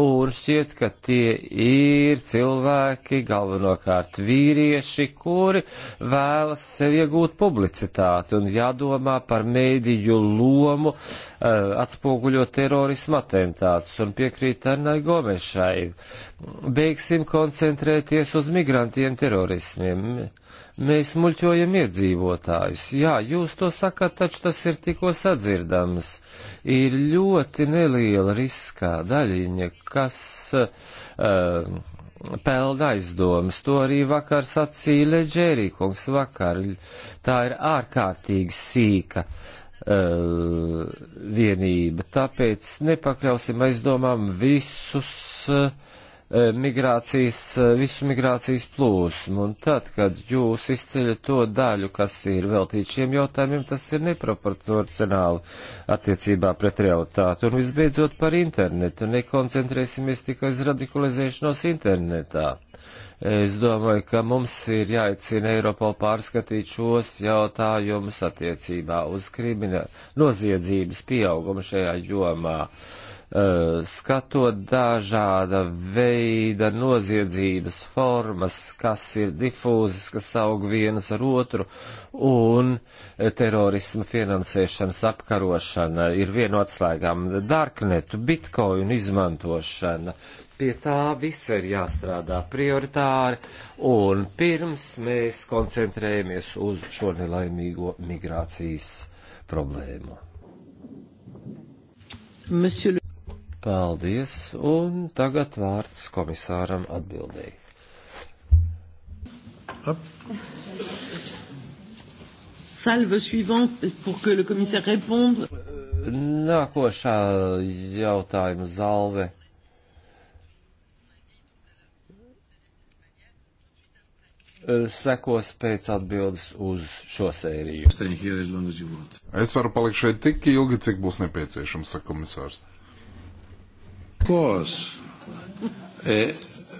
C: un šķiet, ka tie ir cilvēki, galvenokārt vīrieši, kuri vēlas sev iegūt publicitāti un jādomā par mēdīju lomu uh, atspoguļot terorismu atentātus, un piekrīt Arnai Gomešai. Beigsim koncentrēties uz migrantiem terorismiem mēs muļķojam iedzīvotājus. Jā, jūs to sakat, taču tas ir tikko sadzirdams. Ir ļoti neliela riskā daļiņa, kas uh, pelna aizdomas. To arī vakar sacīja Leģērīkungs vakar. Tā ir ārkārtīgi sīka. Uh, vienība. Tāpēc nepakļausim aizdomām visus uh, Eh, migrācijas, eh, visu migrācijas plūsmu, un tad, kad jūs izceļat to daļu, kas ir veltīta šiem jautājumiem, tas ir neproporcionāli attiecībā pret realitāti. Un visbeidzot par internetu, nekoncentrēsimies tikai uz radikalizēšanos internetā. Es domāju, ka mums ir jāicina Eiropol pārskatīt šos jautājumus attiecībā uz krimināla noziedzības pieaugumu šajā jomā. Uh, Eh, skatot dažāda veida noziedzības formas, kas ir difūzas, kas aug vienas ar otru, un eh, terorisma finansēšanas apkarošana ir viena no atslēgām - darknetu, bitkoinu izmantošana. Pie tā viss ir jāstrādā prioritāri, un pirms mēs koncentrējamies uz šo nelaimīgo migrācijas problēmu. Monsieur Paldies, un tagad vārds komisāram atbildēji.
B: Salve suivante pour que le commissaire réponde.
C: Nākošā jautājuma zalve.
B: sekos pēc atbildes uz šo sēriju. Es varu palikt šeit tik ilgi, cik būs nepieciešams, saka komisārs. Kos. E, eh,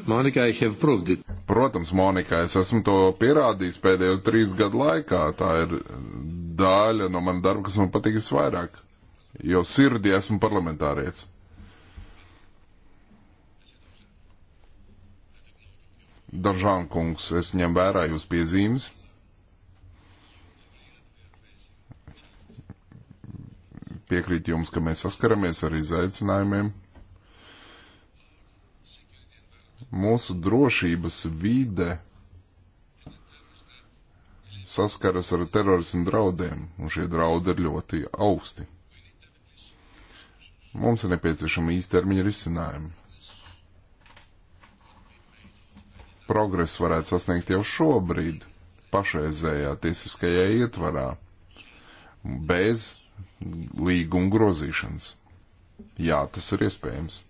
B: Monika, I have proved it. Protams, Monika, es esmu to pierādījis pēdējos trīs gadu laikā. Tā ir daļa no mana darba, kas man patīk visvairāk. Jo sirdī esmu parlamentārietis. Dažāna kungs, es ņem vērā jūs piezīmes. Piekrīt jums, ka mēs saskaramies ar izaicinājumiem mūsu drošības vide saskaras ar terorismu draudiem, un šie draudi ir ļoti augsti. Mums ir nepieciešama īstermiņa risinājuma. Progress varētu sasniegt jau šobrīd, pašreizējā tiesiskajā ietvarā, bez līguma grozīšanas. Jā, tas ir iespējams.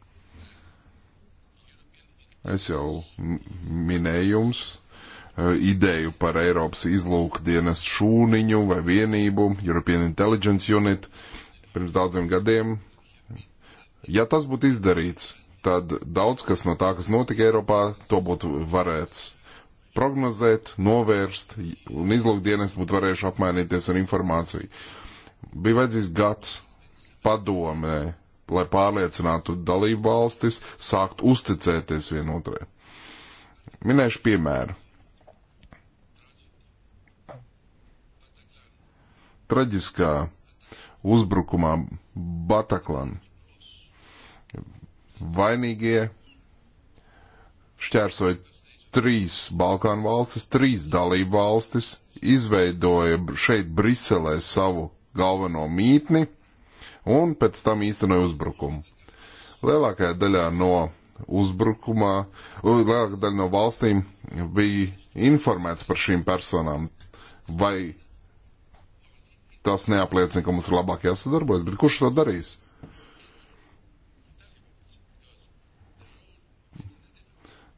B: Es jau minēju jums e, ideju par Eiropas izlūkdienas šūniņu vai vienību, European Intelligence Unit, pirms daudziem gadiem. Ja tas būtu izdarīts, tad daudz kas no tā, kas notika Eiropā, to būtu varēts prognozēt, novērst, un izlūkdienas būtu varējuši apmainīties ar informāciju. Bija vajadzīgs gads padomē, lai pārliecinātu dalību valstis sākt uzticēties vienotrai. Minēšu piemēru. Traģiskā uzbrukumā Bataklan vainīgie šķērsoja trīs Balkānu valstis, trīs dalību valstis, izveidoja šeit Briselē savu galveno mītni – un pēc tam īstenoja uzbrukumu. Lielākajā daļā no uzbrukumā, lielākā daļa no valstīm bija informēts par šīm personām. Vai tas neapliecina, ka mums ir labāk jāsadarbojas, bet kurš to darīs?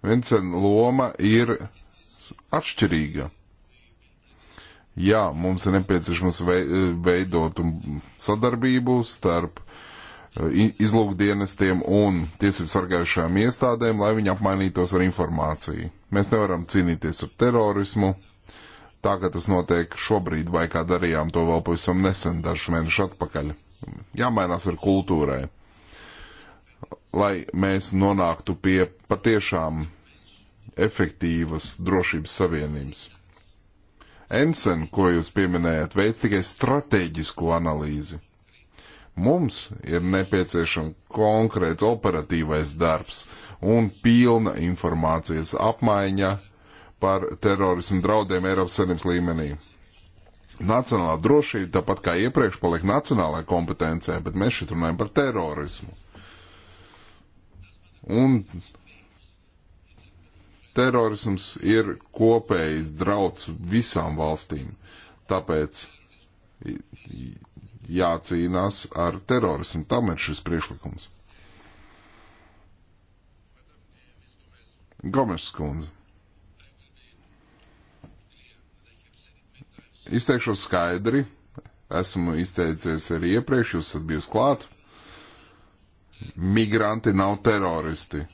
B: Vincent loma ir atšķirīga. Jā, mums ir nepieciešams veidot sadarbību starp e, izlūkdienestiem un tiesību sargājušajām iestādēm, lai viņi apmainītos ar informāciju. Mēs nevaram cīnīties ar terorismu, tā kā tas notiek šobrīd, vai kā darījām to vēl pavisam nesen, dažus mēnešus atpakaļ. Jāmainās ar kultūrai, lai mēs nonāktu pie patiešām efektīvas drošības savienības. Ensen, ko jūs pieminējat, veic tikai strateģisku analīzi. Mums ir nepieciešama konkrēts operatīvais darbs un pilna informācijas apmaiņa par terorismu draudiem Eiropas Savienības līmenī. Nacionālā drošība, tāpat kā iepriekš, paliek nacionālajai kompetencijai, bet mēs šeit runājam par terorismu. Un Terorisms ir kopējs drauds visām valstīm, tāpēc jācīnās ar terorismu. Tam ir šis priekšlikums. Gomes skundze. Izteikšos skaidri. Esmu izteicies arī iepriekš, jūs esat bijusi klāt. Migranti nav teroristi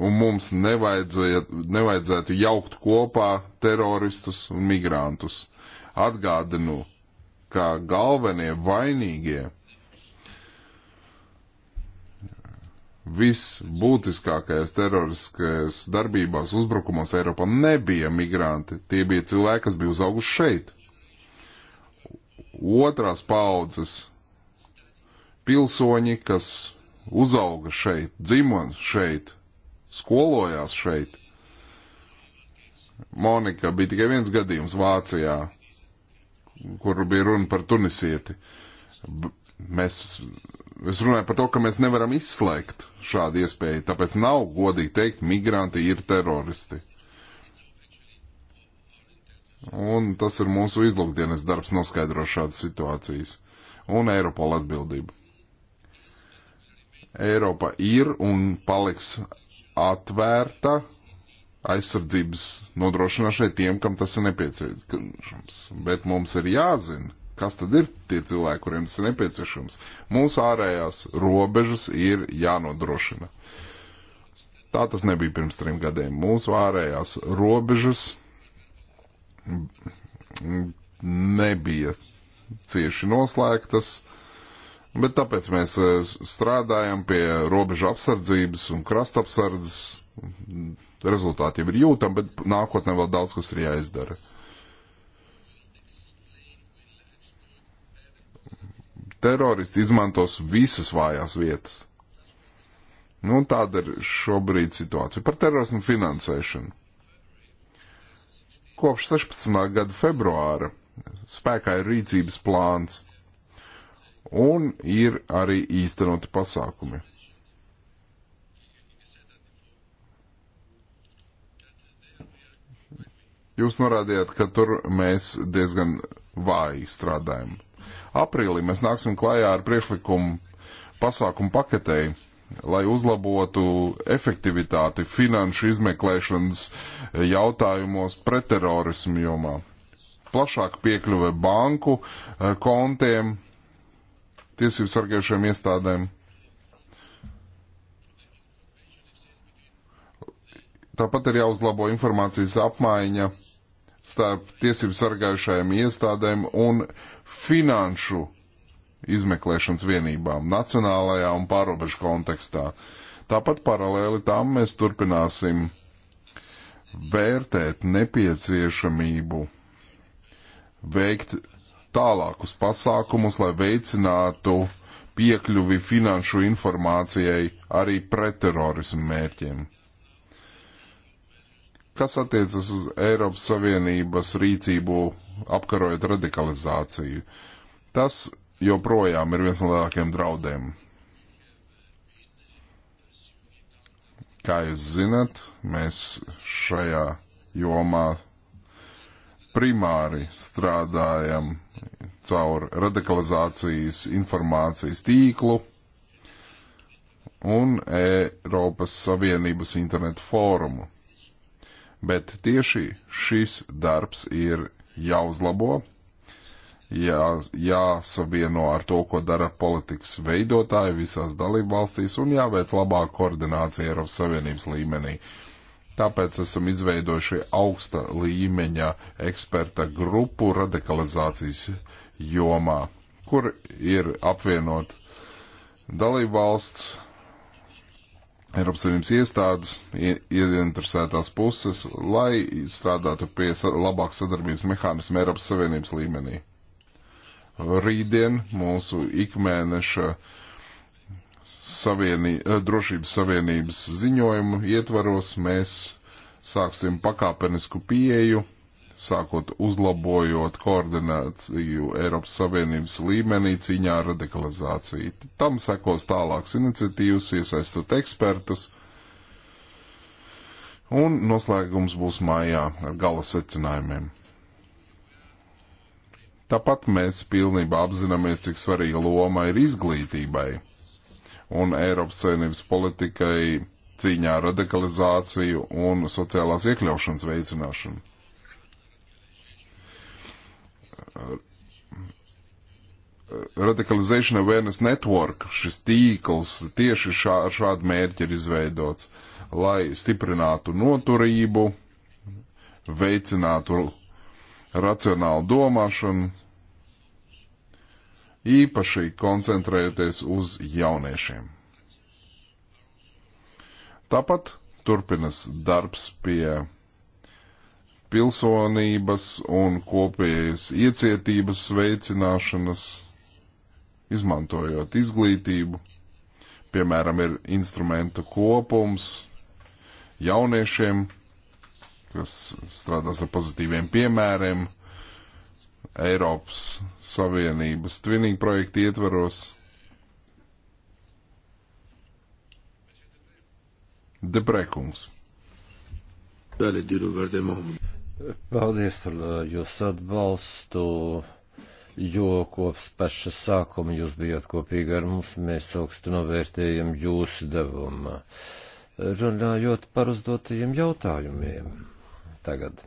B: un mums nevajadzētu jaukt kopā teroristus un migrantus. Atgādinu, ka galvenie vainīgie visbūtiskākajās teroriskajās darbībās, uzbrukumos Eiropā nebija migranti, tie bija cilvēki, kas bija uzauguši šeit. Otrās paudzes pilsoņi, kas uzauga šeit, dzimot šeit, skolojās šeit. Monika bija tikai viens gadījums Vācijā, kur bija runa par tunisieti. Mēs, es runāju par to, ka mēs nevaram izslēgt šādu iespēju, tāpēc nav godīgi teikt, migranti ir teroristi. Un tas ir mūsu izlūkdienas darbs noskaidro šādas situācijas. Un Eiropola atbildība. Eiropa ir un paliks atvērta aizsardzības nodrošināšanai tiem, kam tas ir nepieciešams. Bet mums ir jāzina, kas tad ir tie cilvēki, kuriem tas ir nepieciešams. Mūsu ārējās robežas ir jānodrošina. Tā tas nebija pirms trim gadiem. Mūsu ārējās robežas nebija cieši noslēgtas Bet tāpēc mēs eh, strādājam pie robežu apsardzības un krasta apsardzes. Rezultāti jau ir jūtami, bet nākotnē vēl daudz kas ir jāizdara. Teroristi izmantos visas vājās vietas. Nu, tāda ir šobrīd situācija par terorismu finansēšanu. Kopš 16. gada februāra spēkā ir rīcības plāns un ir arī īstenoti pasākumi. Jūs norādījāt, ka tur mēs diezgan vāji strādājam. Aprīlī mēs nāksim klājā ar priekšlikumu pasākumu paketei, lai uzlabotu efektivitāti finanšu izmeklēšanas jautājumos pretterorismu jomā. Plašāk piekļuve banku eh, kontiem, tiesību sargājušajām iestādēm. Tāpat ir jāuzlabo informācijas apmaiņa starp tiesību sargājušajām iestādēm un finanšu izmeklēšanas vienībām nacionālajā un pārobežu kontekstā. Tāpat paralēli tam mēs turpināsim vērtēt nepieciešamību veikt tālākus pasākumus, lai veicinātu piekļuvi finanšu informācijai arī pretterorismu mērķiem. Kas attiecas uz Eiropas Savienības rīcību apkarojot radikalizāciju? Tas joprojām ir viens no lielākajiem draudiem. Kā jūs zinat, mēs šajā jomā primāri strādājam caur radikalizācijas informācijas tīklu un Eiropas Savienības internetu fórumu. Bet tieši šis darbs ir jāuzlabo, jā, jāsavieno ar to, ko dara politikas veidotāji visās dalībvalstīs un jāveic labāka koordinācija Eiropas Savienības līmenī. Uh, Tāpēc esam izveidojuši augsta līmeņa eksperta grupu radikalizācijas jomā, kur ir apvienot dalību valsts, Eiropas Savienības iestādes, ieinteresētās puses, lai strādātu pie labākas sadarbības mehānismu Eiropas Savienības līmenī. Rītdien mūsu ikmēneša uh, savienī, eh, drošības savienības ziņojumu ietvaros mēs sāksim pakāpenisku pieeju, sākot uzlabojot koordināciju Eiropas Savienības līmenī cīņā ar radikalizāciju. Tam sekos tālāks iniciatīvas, iesaistot ekspertus, un noslēgums būs mājā ar gala secinājumiem. Tāpat mēs pilnībā apzināmies, cik svarīga loma ir izglītībai un Eiropas Savienības politikai cīņā ar radikalizāciju un sociālās iekļaušanas veicināšanu. Radicalization Awareness Network, šis tīkls tieši šā, ar šādu mērķi ir izveidots, lai stiprinātu noturību, veicinātu racionālu domāšanu īpaši koncentrējoties uz jauniešiem. Tāpat turpinas darbs pie pilsonības un kopējas iecietības veicināšanas, izmantojot izglītību. Piemēram, ir instrumentu kopums jauniešiem, kas strādās ar pozitīviem piemēriem, Eiropas Savienības Twinning projekta ietvaros. Deprekums. Paldies par uh, jūsu
C: atbalstu, jo kopš paša sākuma jūs bijāt kopīgi ar mums, mēs augstu novērtējam jūsu devumu. Runājot par uzdotajiem jautājumiem tagad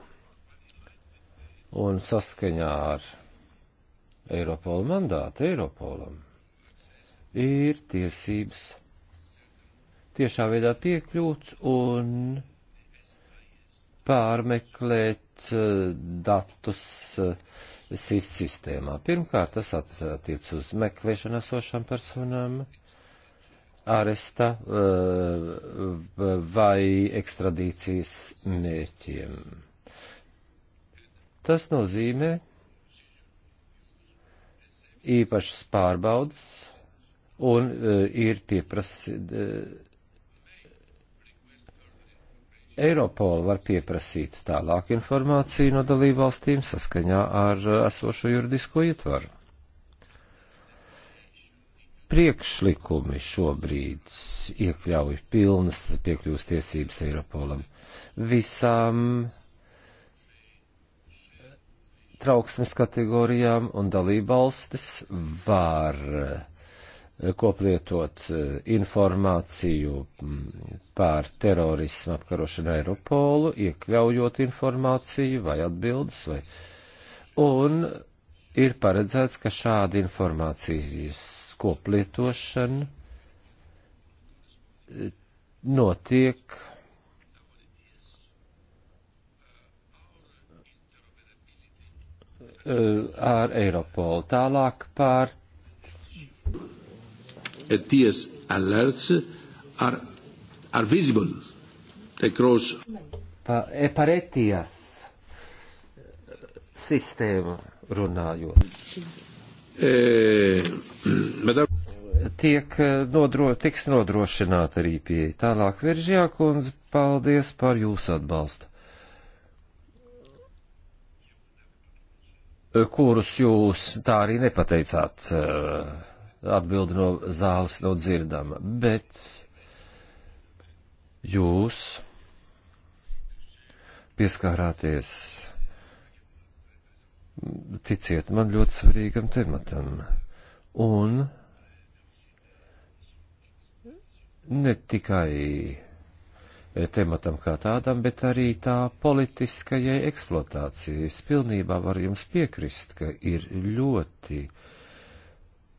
C: un saskaņā ar Eiropola mandātu Eiropolam ir tiesības tiešā veidā piekļūt un pārmeklēt eh, datus eh, SIS sistēmā. Pirmkārt, tas attiec uz meklēšanu esošām personām, aresta eh, vai ekstradīcijas mērķiem. Tas nozīmē īpašas pārbaudas un uh, ir pieprasīt. Uh, e, Eiropola var pieprasīt tālāk informāciju no dalībvalstīm saskaņā ar uh, esošo juridisko ietvaru. Priekšlikumi šobrīd iekļauj pilnas piekļūst tiesības Eiropolam visām uh, trauksmes kategorijām un dalībvalstis var eh, koplietot eh, informāciju mm, par terorismu apkarošanu Eiropolu, iekļaujot informāciju vai atbildes vai. Un ir paredzēts, ka šāda informācijas koplietošana eh, notiek Uh, ar Eiropolu. Tālāk pār. Ties alerts ar, ar visible across. Pa, e, par etijas sistēmu runājot. E, madame tiek e, nodro, tiks nodrošināta arī pieeja. Tālāk, Viržjā kundze, paldies par jūsu atbalstu. kurus jūs tā arī nepateicāt, eh, atbildi no zāles nav no dzirdama, bet jūs pieskārāties, ticiet man ļoti svarīgam tematam, un ne tikai tematam kā tādam, bet arī tā politiskajai eksploatācijai. Es pilnībā varu jums piekrist, ka ir ļoti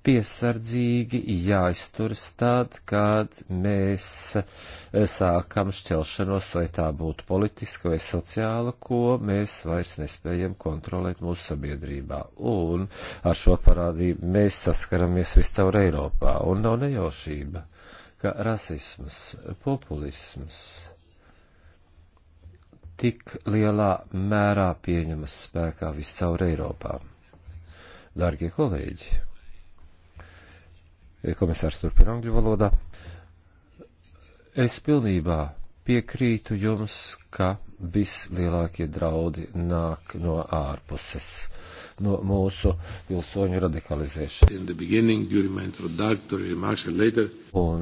C: piesardzīgi jāizturas tad, kad mēs eh, sākam šķelšanos, vai tā būtu politiska vai sociāla, ko mēs vairs nespējam kontrolēt mūsu sabiedrībā. Un ar šo parādību mēs saskaramies viscaur Eiropā, un nav nejaušība ka rasisms, populisms tik lielā mērā pieņemas spēkā viscaur Eiropā. Dārgie kolēģi, komisārs turpina angļu valodā, es pilnībā Piekrītu jums, ka vislielākie draudi nāk no ārpuses, no mūsu pilsoņu radikalizēšanas. Un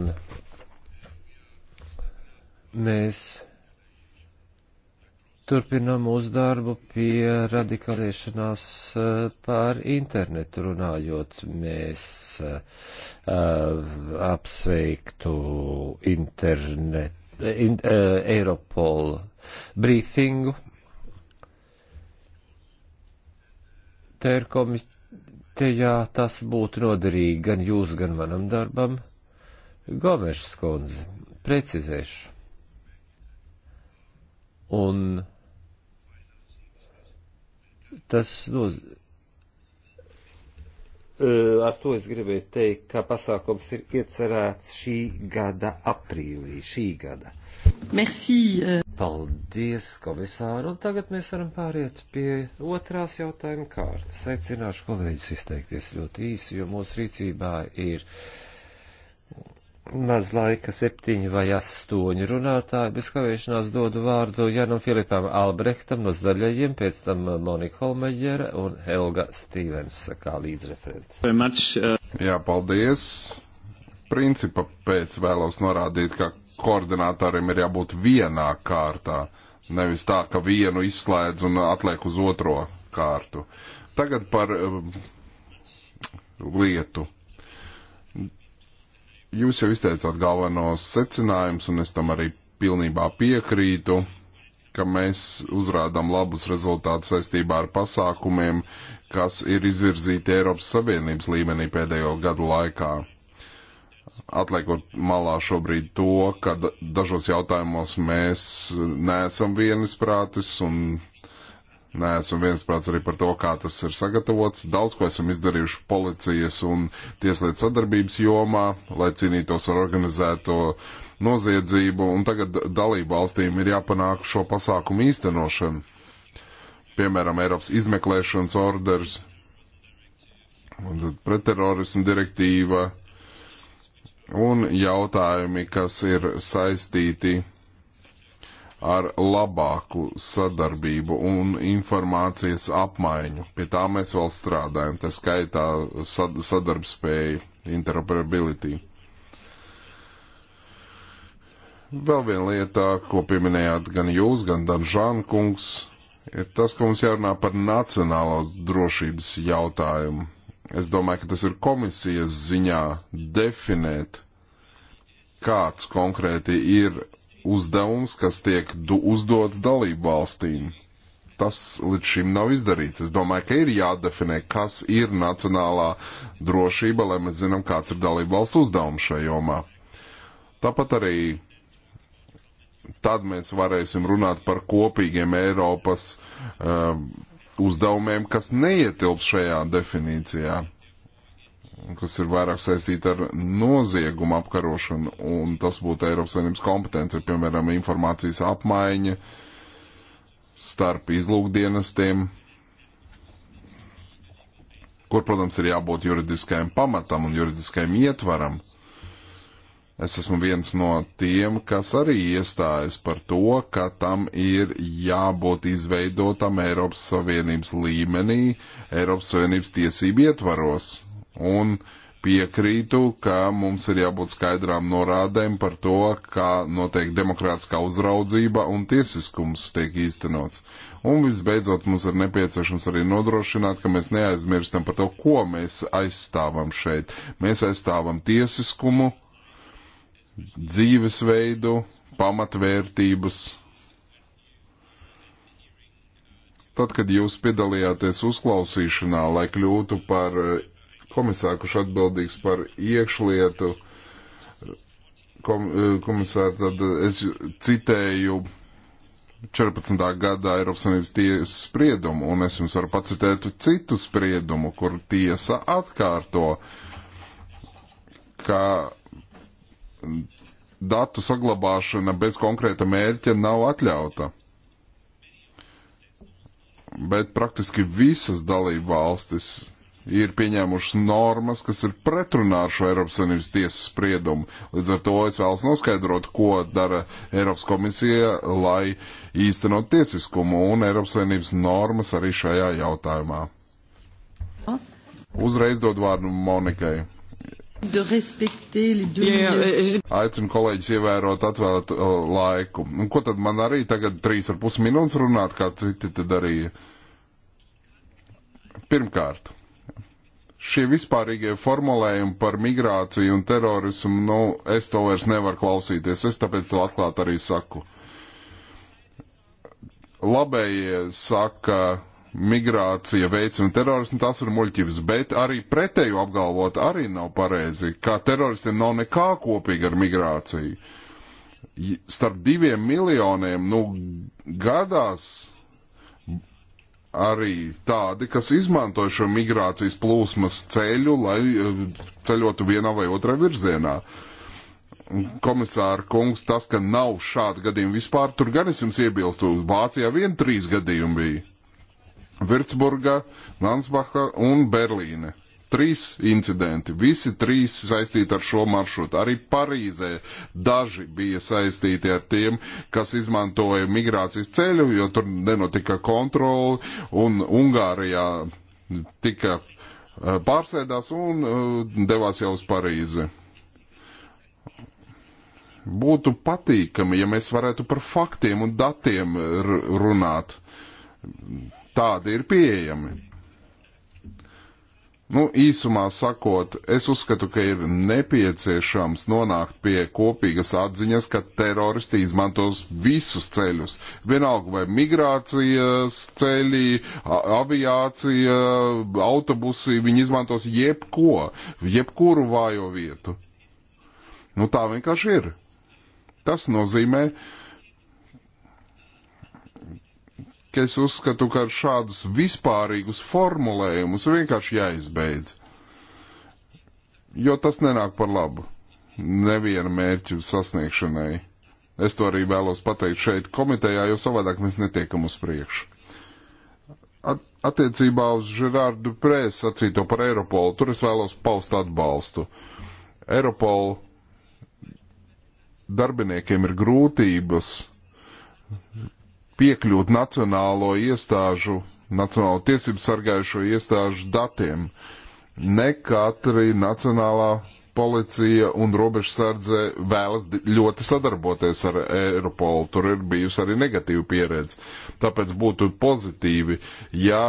C: mēs turpinām mūsu darbu pie radikalizēšanās eh, pār internetu runājot. Mēs uh, apsveiktu internetu in, uh, eh, Eiropol brīfingu. Te ir komitejā tas būtu noderīgi gan jūs, gan manam darbam. Gomešs kundze, precizēšu. Un tas nozīmē ar to es gribēju teikt, ka pasākums ir iecerēts šī gada aprīlī, šī gada. Merci. Paldies, komisāri, un tagad mēs varam pāriet pie otrās jautājuma kārtas. Aicināšu kolēģis izteikties ļoti īsi, jo mūsu rīcībā ir. Uh, maz laika, septiņi vai astoņi runātāji. Bez kavēšanās dodu vārdu Janam Filipam Albrehtam no Zaļajiem, pēc tam Monika Holmeģera un Helga Stevens kā līdzreferents.
B: Uh, Jā, paldies. Principa pēc vēlos norādīt, ka koordinātoriem ir jābūt vienā kārtā, nevis tā, ka vienu izslēdz un atliek uz otro kārtu. Tagad par um, lietu Jūs jau izteicāt galvenos secinājumus, un es tam arī pilnībā piekrītu, ka mēs uzrādām labus rezultātus saistībā ar pasākumiem, kas ir izvirzīti Eiropas Savienības līmenī pēdējo gadu laikā. Atliekot malā šobrīd to, ka dažos jautājumos mēs neesam vienisprātis un neesam viensprāts arī par to, kā tas ir sagatavots. Daudz ko esam izdarījuši policijas un tieslietu sadarbības jomā, lai cīnītos ar organizēto noziedzību, un tagad dalību valstīm ir jāpanāk šo pasākumu īstenošanu. Piemēram, Eiropas izmeklēšanas orders, pretterorismu direktīva un jautājumi, kas ir saistīti ar labāku sadarbību un informācijas apmaiņu. Pie tā mēs vēl strādājam, tā skaitā sad sadarbspēju, interoperability. Vēl viena lieta, ko pieminējāt gan jūs, gan Danžāna kungs, ir tas, ka mums jārunā par nacionālās drošības jautājumu. Es domāju, ka tas ir komisijas ziņā definēt, kāds konkrēti ir uzdevums, kas tiek uzdots dalību valstīm. Tas līdz šim nav izdarīts. Es domāju, ka ir jādefinē, kas ir nacionālā drošība, lai mēs zinām, kāds ir dalību valsts uzdevums šajā jomā. Tāpat arī tad mēs varēsim runāt par kopīgiem Eiropas uh, uzdevumiem, kas neietilps šajā definīcijā kas ir vairāk saistīta ar noziegumu apkarošanu, un tas būtu Eiropas Savienības kompetence, piemēram, informācijas apmaiņa starp izlūkdienestiem, kur, protams, ir jābūt juridiskajam pamatam un juridiskajam ietvaram. Es esmu viens no tiem, kas arī iestājas par to, ka tam ir jābūt izveidotam Eiropas Savienības līmenī, Eiropas Savienības tiesību ietvaros Un piekrītu, ka mums ir jābūt skaidrām norādēm par to, kā notiek demokrātiskā uzraudzība un tiesiskums tiek īstenots. Un visbeidzot, mums ir nepieciešams arī nodrošināt, ka mēs neaizmirstam par to, ko mēs aizstāvam šeit. Mēs aizstāvam tiesiskumu, dzīvesveidu, pamatvērtības. Tad, kad jūs piedalījāties uzklausīšanā, lai kļūtu par komisāru, kurš atbildīgs par iekšlietu kom, eh, komisāru, tad es citēju 14. gadā Eiropas Savienības tiesas spriedumu, un es jums varu pacitēt citu spriedumu, kur tiesa atkārto, ka datu saglabāšana bez konkrēta mērķa nav atļauta. Bet praktiski visas dalība valstis ir pieņēmušas normas, kas ir pretrunā ar šo Eiropas Savienības tiesas spriedumu. Līdz ar to es vēlos noskaidrot, ko dara Eiropas komisija, lai īstenot tiesiskumu un Eiropas Savienības normas arī šajā jautājumā. Uzreiz dod vārdu Monikai. Aicinu kolēģis ievērot atvēlētu uh, laiku. Un nu, ko tad man arī tagad trīs ar pus minūtes runāt, kā citi te darīja? Pirmkārt, Šie vispārīgie formulējumi par migrāciju un terorismu, nu, es to vairs nevaru klausīties, es tāpēc to atklāt arī saku. Labējie saka, migrācija veicina terorismu, tas ir muļķības, bet arī pretēju apgalvot arī nav pareizi, ka teroristiem nav nekā kopīga ar migrāciju. Starp diviem miljoniem, nu, gadās arī tādi, kas izmanto šo migrācijas plūsmas ceļu, lai eh, ceļotu vienā vai otrā virzienā. Komisāra kungs, tas, ka nav šādi gadījumi vispār, tur gan es jums iebilstu. Vācijā vien trīs gadījumi bija. Virtsburga, Lansbacha un Berlīne trīs incidenti, visi trīs saistīti ar šo maršrutu. Arī Parīzē daži bija saistīti ar tiem, kas izmantoja migrācijas ceļu, jo tur nenotika kontroli, un Ungārijā tika eh, pārsēdās un eh, devās jau uz Parīzi. Būtu patīkami, ja mēs varētu par faktiem un datiem runāt. Tādi ir pieejami. Nu, īsumā sakot, es uzskatu, ka ir nepieciešams nonākt pie kopīgas atziņas, ka teroristi izmantos visus ceļus. Vienalga vai migrācijas ceļi, aviācija, autobusi, viņi izmantos jebko, jebkuru vājo vietu. Nu, tā vienkārši ir. Tas nozīmē, uh, ka es uzskatu, ka ar šādus vispārīgus formulējumus vienkārši jāizbeidz, jo tas nenāk par labu neviena mērķu sasniegšanai. Es to arī vēlos pateikt šeit komitejā, jo savādāk mēs netiekam uz priekšu. At, attiecībā uz Žerārdu Prēs sacīto par Eiropolu, tur es vēlos paust atbalstu. Eiropolu darbiniekiem ir grūtības piekļūt nacionālo iestāžu, nacionālo tiesību sargājušo iestāžu datiem. Ne katra nacionālā policija un robežsardze vēlas ļoti sadarboties ar Eiropolu. Tur ir bijusi arī negatīva pieredze. Tāpēc būtu pozitīvi, ja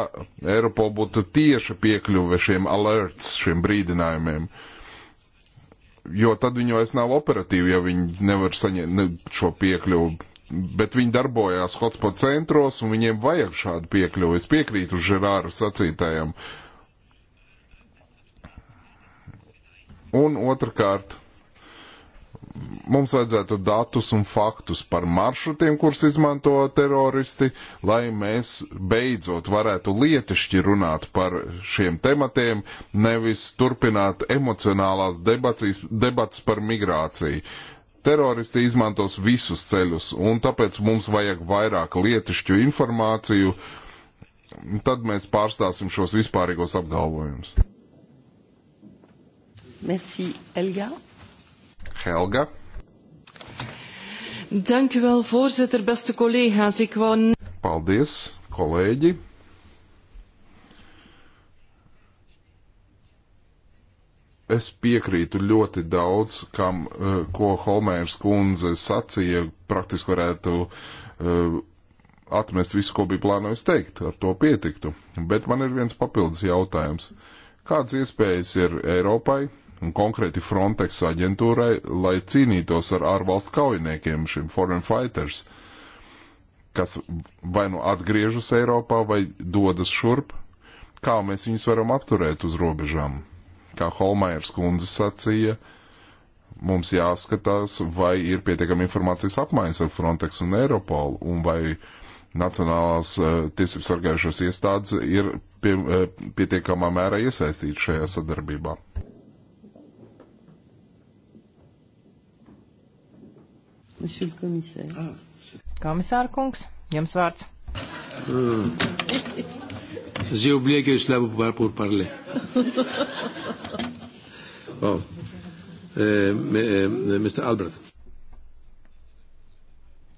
B: Eiropola būtu tieša piekļuve šiem alerts, šiem brīdinājumiem jo tad viņi vairs nav operatīvi, ja viņi nevar saņemt šo piekļuvu bet viņi darbojās hotspot centros un viņiem vajag šādu piekļuvi. Es piekrītu Žerāru sacītājiem. Un otrkārt, mums vajadzētu datus un faktus par maršrutiem, kurus izmanto teroristi, lai mēs beidzot varētu lietišķi runāt par šiem tematiem, nevis turpināt emocionālās debacīs, debats par migrāciju. Uh, Teroristi izmantos visus ceļus, un tāpēc mums vajag vairāk lietišķu informāciju, tad mēs pārstāsim šos vispārīgos apgalvojumus.
A: Merci, Elga. Helga. Dank u wel, voorzitter, beste collega's. Ik wou...
B: Paldies, kolēģi. es piekrītu ļoti daudz, kam, eh, ko Holmēras kundze sacīja, praktiski varētu uh, atmest visu, ko bija plānojis teikt, ar to pietiktu. Bet man ir viens papildus jautājums. Kādas iespējas ir Eiropai un konkrēti Frontex aģentūrai, lai cīnītos ar ārvalstu kaujiniekiem, šiem foreign fighters, kas vai nu atgriežas Eiropā, vai dodas šurp? Kā mēs viņus varam apturēt uz robežām? kā Holmajers kundze sacīja, mums jāskatās, vai ir pietiekami informācijas apmaiņas ar Frontex un Eiropolu, un vai Nacionālās uh, tiesības sargājušās iestādes ir pie, uh, pietiekamā mērā iesaistīti šajā sadarbībā.
A: Komisāra kungs, jums vārds.
B: Mm. J'ai oublié que je suis
A: là
C: pour, pour parler. bon. Euh,
B: mais, e, euh, Mr. Albert.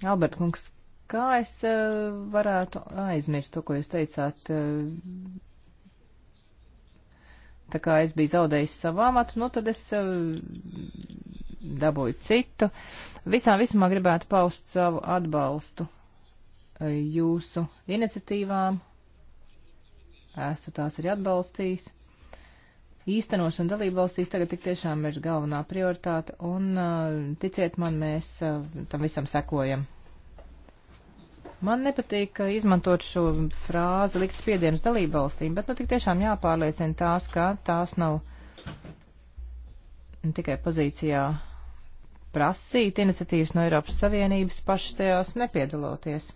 A: Albert, kungs, kā es uh, varētu aizmirst to, ko jūs teicāt? Uh, tā kā es biju zaudējis savu amatu, nu tad es uh, dabūju citu. Visām visumā gribētu paust savu atbalstu jūsu iniciatīvām esmu tās arī atbalstījis. Īstenošana dalībvalstīs tagad tik tiešām ir galvenā prioritāte, un uh, ticiet man, mēs uh, tam visam sekojam. Man nepatīk izmantot šo frāzi likt spiedienus dalībvalstīm, bet nu tik tiešām jāpārliecina tās, ka tās nav tikai pozīcijā prasīt iniciatīvas no Eiropas Savienības pašas tajās nepiedaloties.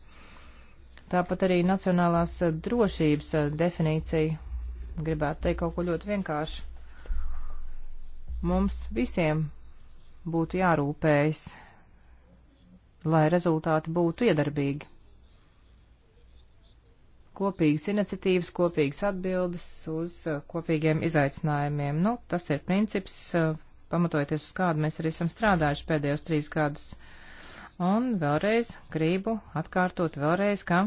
A: Tāpat arī nacionālās eh, drošības eh, definīcija. Gribētu teikt kaut ko ļoti vienkāršu. Mums visiem būtu jārūpējas, lai rezultāti būtu iedarbīgi. Kopīgas iniciatīvas, kopīgas atbildes uz eh, kopīgiem izaicinājumiem. Nu, tas ir princips, pamatojoties uz kādu mēs arī esam strādājuši pēdējos trīs gadus. Un vēlreiz gribu atkārtot vēlreiz, ka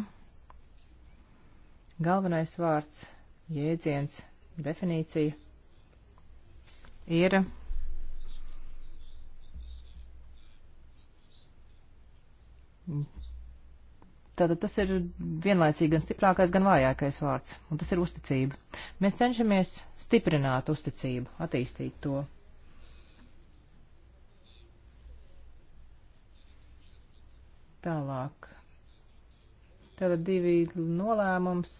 A: Galvenais vārds, jēdziens, definīcija ir Tātad tas ir vienlaicīgi gan stiprākais, gan vājākais vārds, un tas ir uzticība. Mēs cenšamies stiprināt uzticību, attīstīt to. Tālāk. Tātad divi nolēmums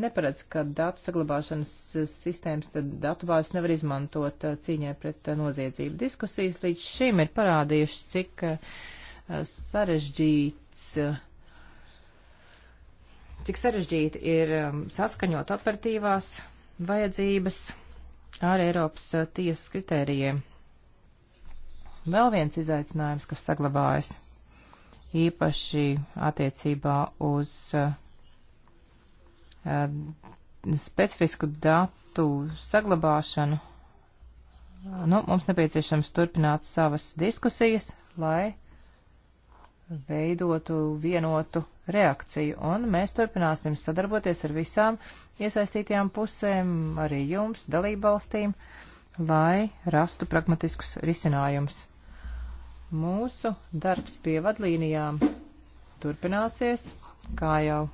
A: neparedz, ka datu saglabāšanas sistēmas datu bāzes nevar izmantot uh, cīņai pret uh, noziedzību. Diskusijas līdz šim ir parādījušas, cik uh, sarežģīts. Cik sarežģīti ir um, saskaņot operatīvās vajadzības ar Eiropas tiesas kritērijiem vēl viens izaicinājums, kas saglabājas īpaši attiecībā uz eh, specifisku datu saglabāšanu. Nu, mums nepieciešams turpināt savas diskusijas, lai veidotu vienotu reakciju, un mēs turpināsim sadarboties ar visām iesaistītajām pusēm, arī jums, dalībvalstīm, lai rastu pragmatiskus risinājumus. Mūsu darbs pie vadlīnijām turpināsies, kā jau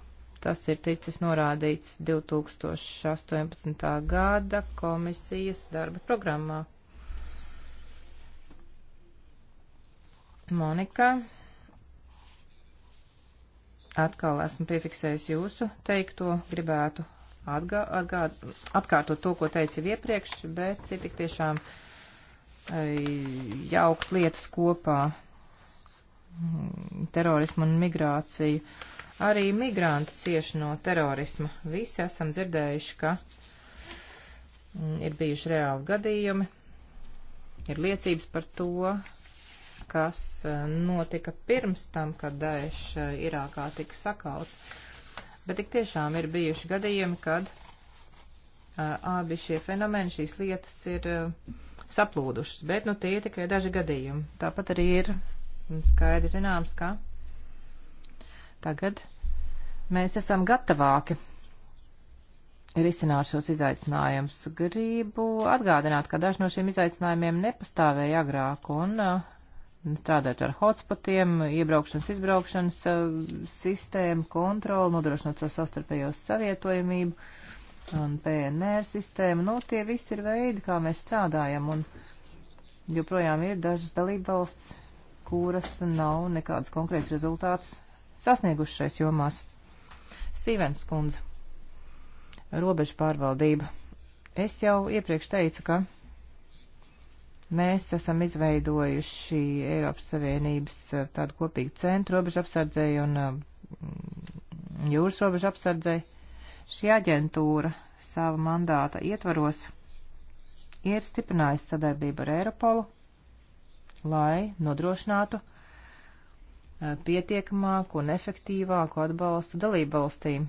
A: tas ir ticis norādīts 2018. gada komisijas darba programmā. Monika, atkal esmu piefiksējis jūsu teikto, gribētu atgā, atgā, atkārtot to, ko teicu iepriekš, bet ir tik tiešām uh, jaukt lietas kopā mm, terorismu un migrāciju. Arī migranti cieši no terorisma. Visi esam dzirdējuši, ka mm, ir bijuši reāli gadījumi, ir liecības par to, kas e, notika pirms tam, kad Daesh e, Irākā tika sakauts. Bet tik tiešām ir bijuši gadījumi, kad uh, abi šie fenomeni, šīs lietas ir uh, saplūdušas, bet nu, tie ir tikai daži gadījumi. Tāpat arī ir skaidri zināms, ka tagad mēs esam gatavāki risināt šos izaicinājumus. Gribu atgādināt, ka daži no šiem izaicinājumiem nepastāvēja agrāk un uh, strādāt ar hotspotiem, iebraukšanas, izbraukšanas uh, sistēmu, kontroli, nodrošinot savu savstarpējo savietojamību un PNR sistēma. Nu, tie visi ir veidi, kā mēs strādājam, un joprojām ir dažas dalībvalsts, kuras nav nekādus konkrētus rezultātus sasniegušais jomās. Stīvens Kundze, robežu pārvaldība. Es jau iepriekš teicu, ka mēs esam izveidojuši Eiropas Savienības eh, tādu kopīgu centru robežu apsardzēju un eh, jūras robežu apsardzēju. Šī aģentūra sava mandāta ietvaros ir stiprinājusi sadarbību ar Eiropolu, lai nodrošinātu eh, pietiekamāku un efektīvāku atbalstu dalībvalstīm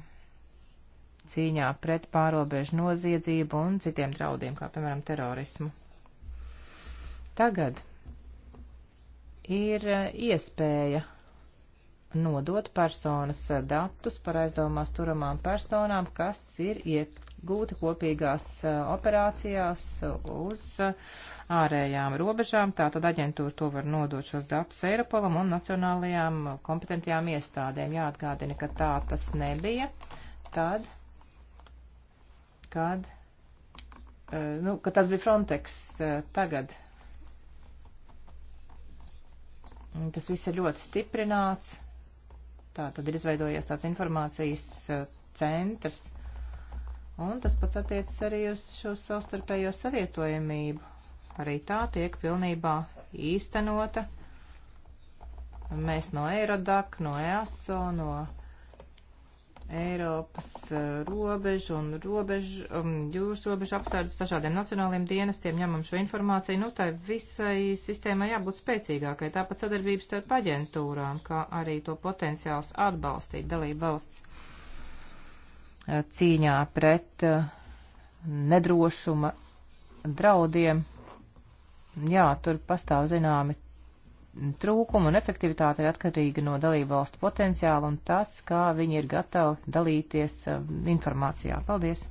A: cīņā pret pārobežu noziedzību un citiem draudiem, kā piemēram terorismu. Tagad ir eh, iespēja nodot personas datus par aizdomās turamām personām, kas ir iegūti kopīgās eh, operācijās uz eh, ārējām robežām. Tātad aģentūra to var nodot šos datus Eiropolam un nacionālajām kompetentajām iestādēm. Jāatgādina, ka tā tas nebija tad, kad, eh, nu, kad tas bija Frontex tagad. Tas viss ir ļoti stiprināts Tā tad ir izveidojies tāds informācijas e, centrs. Un tas pats attiecas arī uz šo savstarpējo savietojamību. Arī tā tiek pilnībā īstenota. Mēs no Eirodak, no EASO, no Eiropas eh, robežu un robežu, um, jūras robežu apsardzes dažādiem nacionāliem dienestiem ņemam šo informāciju. Nu, tai visai sistēmai jābūt spēcīgākai. Tāpat sadarbības starp aģentūrām, kā arī to potenciāls atbalstīt dalību valsts eh, cīņā pret eh, nedrošuma draudiem. Jā, tur pastāv zināmi trūkuma un efektivitāte ir atkarīga no dalību valstu potenciāla un tas, kā viņi ir gatavi dalīties eh, informācijā. Paldies!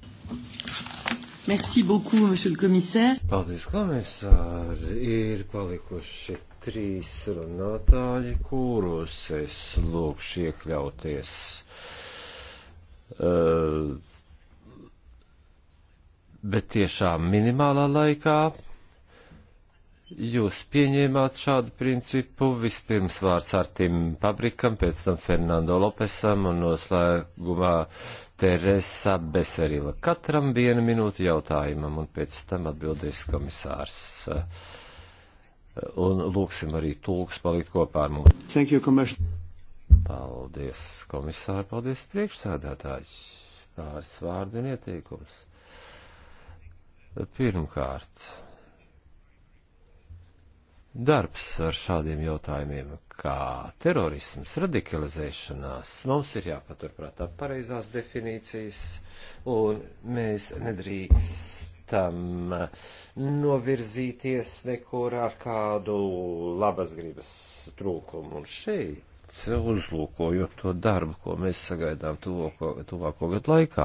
B: Merci beaucoup, monsieur le commissaire.
C: Paldies, komisāri. Ir palikuši trīs runātāji, kurus es lūkšu iekļauties. Uh, bet tiešām minimālā laikā Jūs pieņēmāt šādu principu vispirms vārds Artim Pabrikam, pēc tam Fernando Lopesam un noslēgumā Teresa Beserila. Katram viena minūte jautājumam un pēc tam atbildēs komisārs. Un lūksim arī tulks palikt kopā ar mums. Thank you, commercial. Paldies, komisāri, paldies priekšsādātājs. Pāris vārdu un ieteikums. Pirmkārt darbs ar šādiem jautājumiem, kā terorisms, radikalizēšanās, mums ir jāpaturprātā pareizās definīcijas, un mēs nedrīkstam novirzīties nekur ar kādu labas gribas trūkumu. Un šeit uzlūkojot to darbu, ko mēs sagaidām tuvāko, tuvāko gadu laikā,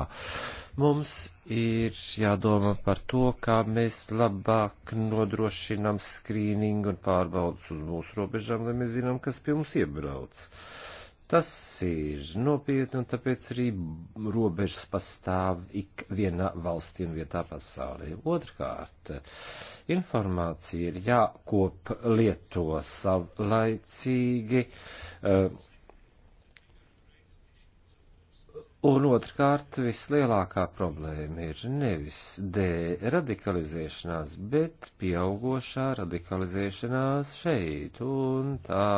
C: mums ir jādomā par to, kā mēs labāk nodrošinām skrīningu un pārbaudas uz mūsu robežām, lai mēs zinām, kas pie mums iebrauc. Uh, Tas ir nopietni, un tāpēc arī robežas pastāv ik vienā valstī un vietā pasaulē. Otrkārt, informācija ir jākop lieto savlaicīgi, eh, un otrkārt, vislielākā problēma ir nevis deradikalizēšanās, bet pieaugošā radikalizēšanās šeit, un tā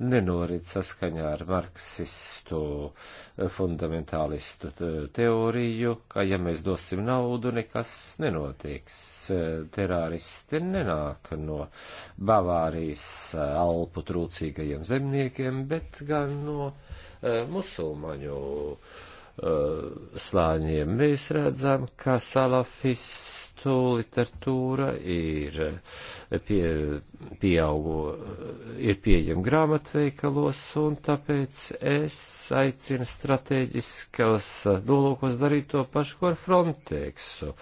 C: nenorit saskaņā ar marksistu eh, fundamentālistu eh, teoriju, ka ja mēs dosim naudu, nekas nenotiks. Eh, terāristi nenāk no Bavārijas alpu trūcīgajiem zemniekiem, bet gan no uh, musulmaņu uh, slāņiem. Mēs redzam, ka salafistu grāmatu literatūra ir, eh, pie, pieaugu, eh, ir pieejama grāmatveikalos, un tāpēc es aicinu strateģiskas eh, nolūkos darīt to pašu, ko ar Frontexu,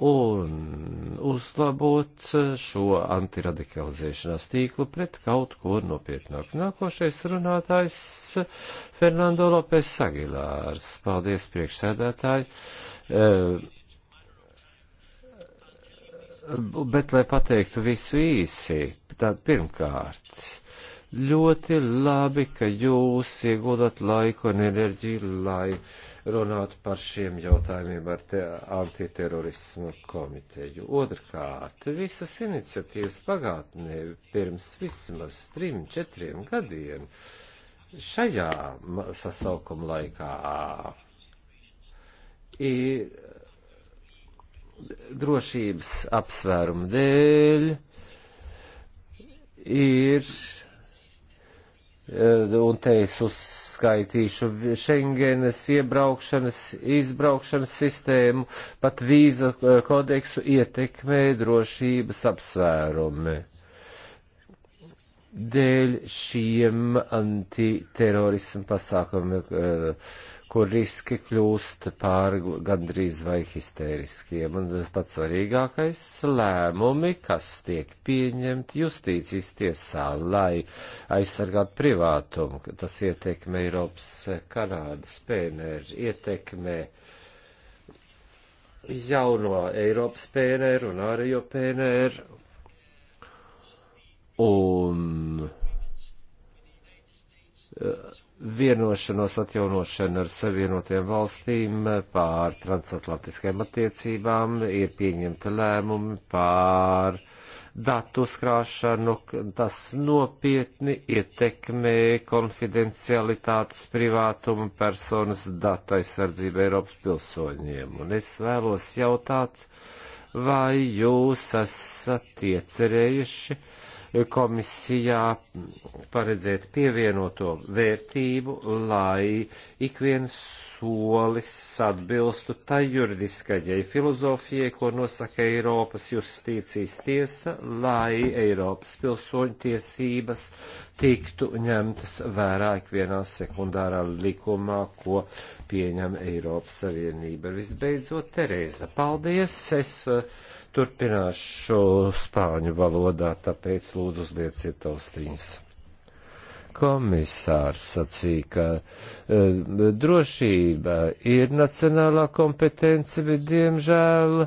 C: un uzlabot šo antiradikalizēšanās tīklu pret kaut ko nopietnāk. Nākošais runātājs Fernando Lopes Agilārs. Paldies, priekšsēdētāji. Uh, bet, lai pateiktu visu īsi, tad pirmkārt, ļoti labi, ka jūs ieguldat laiku un enerģiju, lai runātu par šiem jautājumiem ar te antiterorismu komiteju. Otrkārt, visas iniciatīvas pagātnē pirms vismaz trim, četriem gadiem šajā sasaukuma laikā ir drošības apsvērumu dēļ ir, eh, un te es uzskaitīšu Schengenes iebraukšanas, izbraukšanas sistēmu, pat vīza eh, kodeksu ietekmē drošības apsvērumi dēļ šiem antiterorismu pasākumiem, eh, kur riski kļūst pār gandrīz vai histēriskiem. Un tas pats svarīgākais - lēmumi, kas tiek pieņemti justīcijas tiesā, lai aizsargātu privātumu. Tas ietekmē Eiropas, eh, Kanādas, PNR, ietekmē jauno Eiropas PNR un ārējo PNR. Un, uh, vienošanos atjaunošanu ar Savienotajām valstīm pār transatlantiskajām attiecībām, ir pieņemta lēmumi pār datu uzkrāšanu, tas nopietni ietekmē konfidencialitātes privātumu personas datu aizsardzību Eiropas pilsoņiem. Un es vēlos jautāt, vai jūs esat iecerējuši, uh, komisijā paredzēt pievienoto vērtību, lai ik viens solis atbilstu tai juridiskajai filozofijai, ko nosaka Eiropas justīcijas tiesa, lai Eiropas pilsoņu tiesības tiktu ņemtas vērā ikvienā sekundārā likumā, ko pieņem Eiropas Savienība. Visbeidzot, Tereza, paldies! Es, uh, turpināšu spāņu valodā, tāpēc lūdzu uzlieciet austiņas komisārs sacīja, ka e, drošība ir nacionālā kompetence, bet diemžēl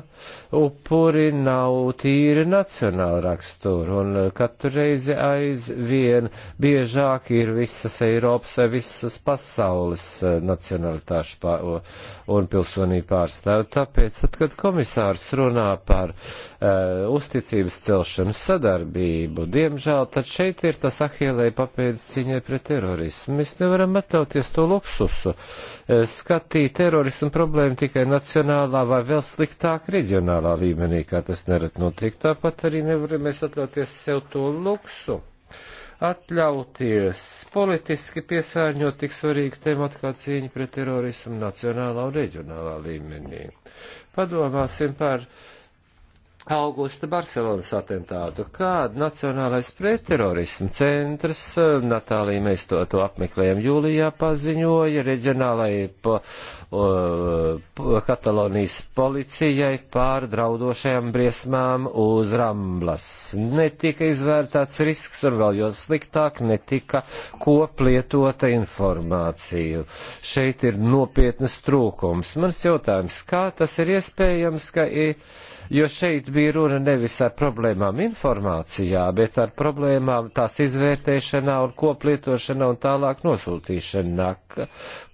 C: upuri nav tīri nacionāla rakstura, un eh, katru reizi aizvien biežāk ir visas Eiropas vai visas pasaules eh, nacionalitāšu pār, un pilsonību pārstāvi. Tāpēc, tad, kad komisārs runā par e, uzticības celšanu sadarbību, diemžēl tad šeit ir tas ahēlē papēdis cīņai pret terorismu. Mēs nevaram atļauties to luksusu, eh, skatīt terorismu problēmu tikai nacionālā vai vēl sliktāk reģionālā līmenī, kā tas nerad notiek. Tāpat arī nevaram mēs atļauties sev to luksu atļauties politiski piesārņot tik svarīgu tematu kā cīņa pret terorismu nacionālā un reģionālā līmenī. Padomāsim par uh, augusta Barcelonas atentātu, kad Nacionālais pretterorismu centrs, eh, Natālija, mēs to, to apmeklējam jūlijā, paziņoja reģionālai po, o, po, Katalonijas policijai pār draudošajām briesmām uz Ramblas. Netika izvērtāts risks un vēl jau sliktāk netika koplietota informācija. Šeit ir nopietnas trūkums. Mans jautājums, kā tas ir iespējams, ka ir. I jo šeit bija runa nevis ar problēmām informācijā, bet ar problēmām tās izvērtēšanā un koplietošanā un tālāk nosūtīšanā,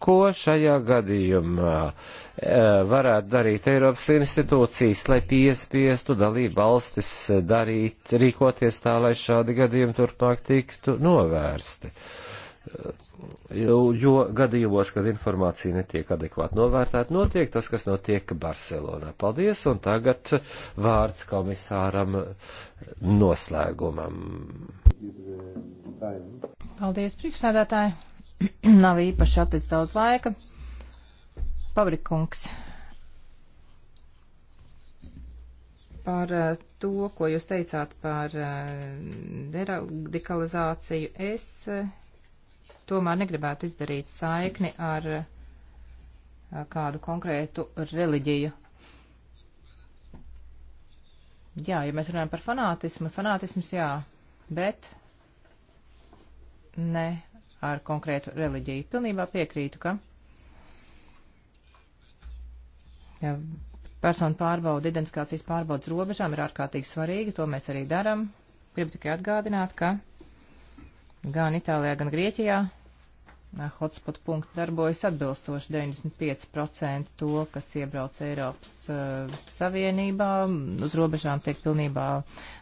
C: ko šajā gadījumā eh, varētu darīt Eiropas institūcijas, lai piespiestu dalību valstis eh, darīt, rīkoties tā, lai šādi gadījumi turpmāk tiktu novērsti jo, jo gadījumos, kad informācija netiek adekvāti novērtēta, notiek tas, kas notiek Barcelonā. Paldies, un tagad vārds komisāram noslēgumam.
A: Paldies, priekšsēdētāji. Nav īpaši atlicis daudz laika. Pavrikungs. Par eh, to, ko jūs teicāt par eh, deradikalizāciju, es eh, tomēr negribētu izdarīt saikni ar eh, kādu konkrētu reliģiju. Jā, ja mēs runājam par fanātismu, fanātisms jā, bet ne ar konkrētu reliģiju. Pilnībā piekrītu, ka ja personu pārbauda, identifikācijas pārbaudas robežām ir ārkārtīgi svarīga, to mēs arī darām. Gribu tikai atgādināt, ka gan Itālijā, gan Grieķijā hotspot punkti darbojas atbilstoši 95% to, kas iebrauc Eiropas uh, Savienībā. Uz robežām tiek pilnībā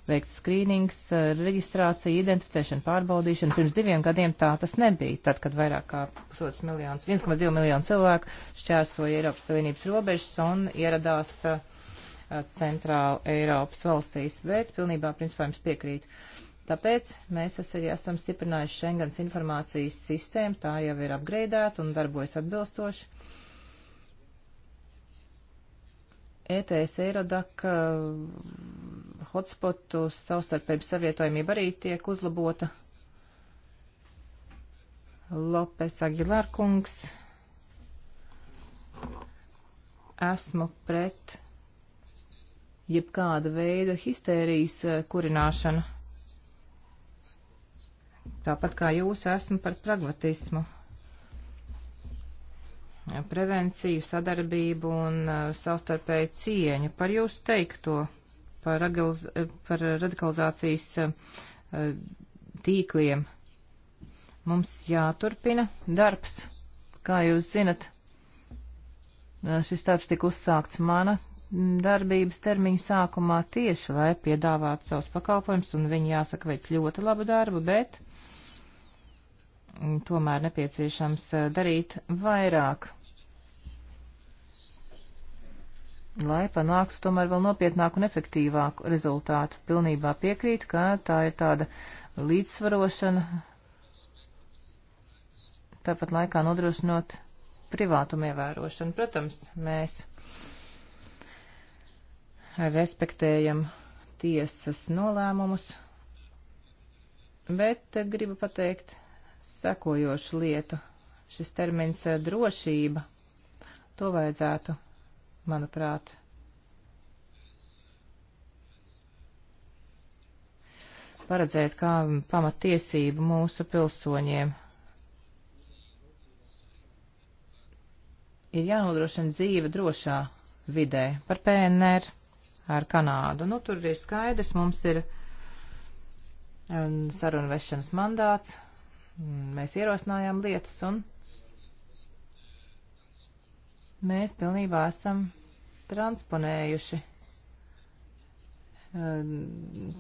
A: veikts skrīnings, uh, reģistrācija, identificēšana, pārbaudīšana. Pirms diviem gadiem tā tas nebija, tad, kad vairāk kā pusotrs miljons, 1,2 miljonu cilvēku šķērsoja Eiropas Savienības robežas un ieradās uh, centrāla Eiropas valstīs, bet pilnībā principā jums piekrītu. Tāpēc mēs arī esam stiprinājuši Schengens informācijas sistēmu, tā jau ir apgreidēta un darbojas atbilstoši. ETS Eirodak eh, hotspotu savstarpēju savietojumība arī tiek uzlabota. Lopes Agilārkungs. Esmu pret jebkāda veida histērijas eh, kurināšanu Tāpat kā jūs esmu par pragmatismu, prevenciju, sadarbību un uh, savstarpēju cieņu. Par jūs teikto, par, agilz, eh, par radikalizācijas uh, tīkliem, mums jāturpina darbs. Kā jūs zinat, eh, šis darbs tika uzsākts mana mm, darbības termiņa sākumā tieši, lai piedāvātu savus pakalpojumus, un viņi jāsaka veic ļoti labu darbu, bet uh, tomēr nepieciešams eh, darīt vairāk, lai panāktu tomēr vēl nopietnāku un efektīvāku rezultātu. Pilnībā piekrītu, ka tā ir tāda līdzsvarošana, tāpat laikā nodrošinot privātumu ievērošanu. Protams, mēs respektējam tiesas nolēmumus, bet gribu pateikt, sekojošu lietu. Šis termins eh, drošība, to vajadzētu, manuprāt, paredzēt kā pamatiesību mūsu pilsoņiem. Ir jānodrošina dzīve drošā vidē par PNR ar Kanādu. Nu, tur ir skaidrs, mums ir um, sarunu vešanas mandāts, Mēs ierosinājām lietas un mēs pilnībā esam transponējuši um,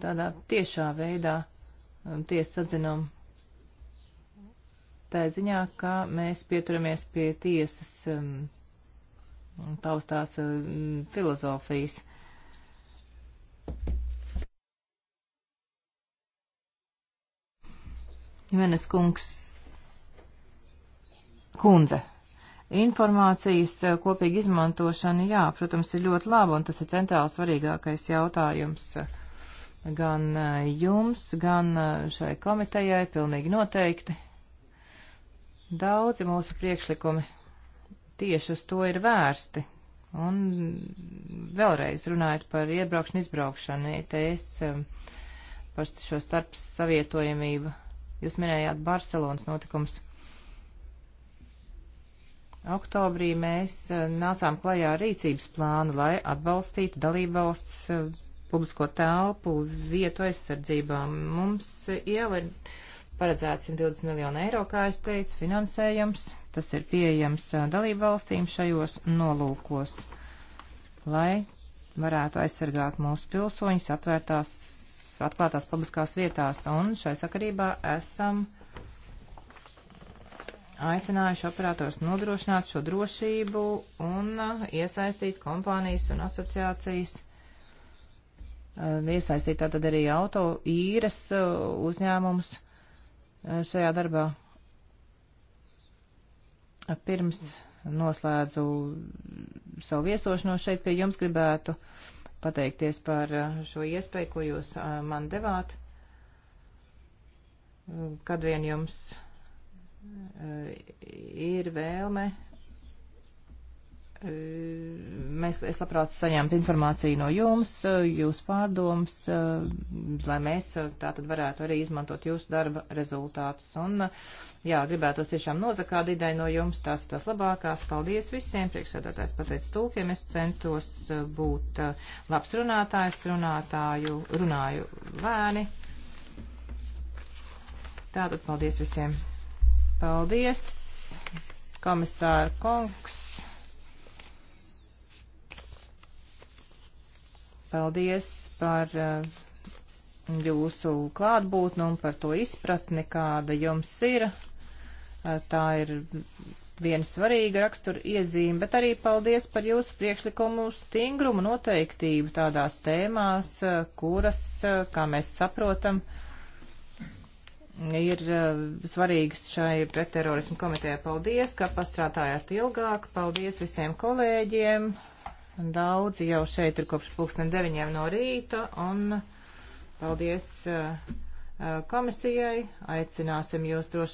A: tādā tiešā veidā um, tiesas atzinumu. Tā ziņā, ka mēs pieturamies pie tiesas um, paustās um, filozofijas. Jimenes kungs kundze. Informācijas eh, kopīga izmantošana, jā, protams, ir ļoti laba, un tas ir centrāli svarīgākais jautājums eh, gan eh, jums, gan šai komitejai, pilnīgi noteikti. Daudzi mūsu priekšlikumi tieši uz to ir vērsti. Un vēlreiz runājot par iebraukšanu, izbraukšanu, ETS, par šo starp savietojamību Jūs minējāt Barcelonas notikums. Oktobrī mēs eh, nācām klajā rīcības plānu, lai atbalstītu dalībvalsts eh, publisko telpu vietu aizsardzībām. Mums jau ir paredzēts 120 miljonu eiro, kā es teicu, finansējums. Tas ir pieejams eh, dalībvalstīm šajos nolūkos, lai varētu aizsargāt mūsu pilsoņus atvērtās atklātās publiskās vietās, un šai sakarībā esam aicinājuši operators nodrošināt šo drošību un uh, iesaistīt kompānijas un asociācijas, uh, iesaistīt tātad arī auto īres uh, uzņēmums šajā darbā. Pirms noslēdzu savu viesošanos šeit pie jums gribētu uh, pateikties par eh, šo iespēju, ko jūs eh, man devāt. Kad vien jums eh, ir vēlme Mēs, es labprāt saņemtu informāciju no jums, jūsu pārdomas, lai mēs tā tad varētu arī izmantot jūsu darba rezultātus. Un, jā, gribētos tiešām nozakāt ideju no jums, tās ir tās labākās. Paldies visiem, priekšsēdētājs pateica tulkiem, es centos būt labs runātājs, runātāju, runāju lēni. Tātad paldies visiem. Paldies, komisāra kungs. Paldies par eh, jūsu klātbūtni un par to izpratni, kāda jums ir. Eh, tā ir viena svarīga rakstura iezīme, bet arī paldies par jūsu priekšlikumu stingrumu noteiktību tādās tēmās, eh, kuras, kā mēs saprotam, ir svarīgas šai pretterorismu komitē. Paldies, ka pastrātājāt ilgāk. Paldies visiem kolēģiem. Daudzi jau šeit ir kopš pulksten deviņiem no rīta, un paldies eh, eh, komisijai. Aicināsim jūs droši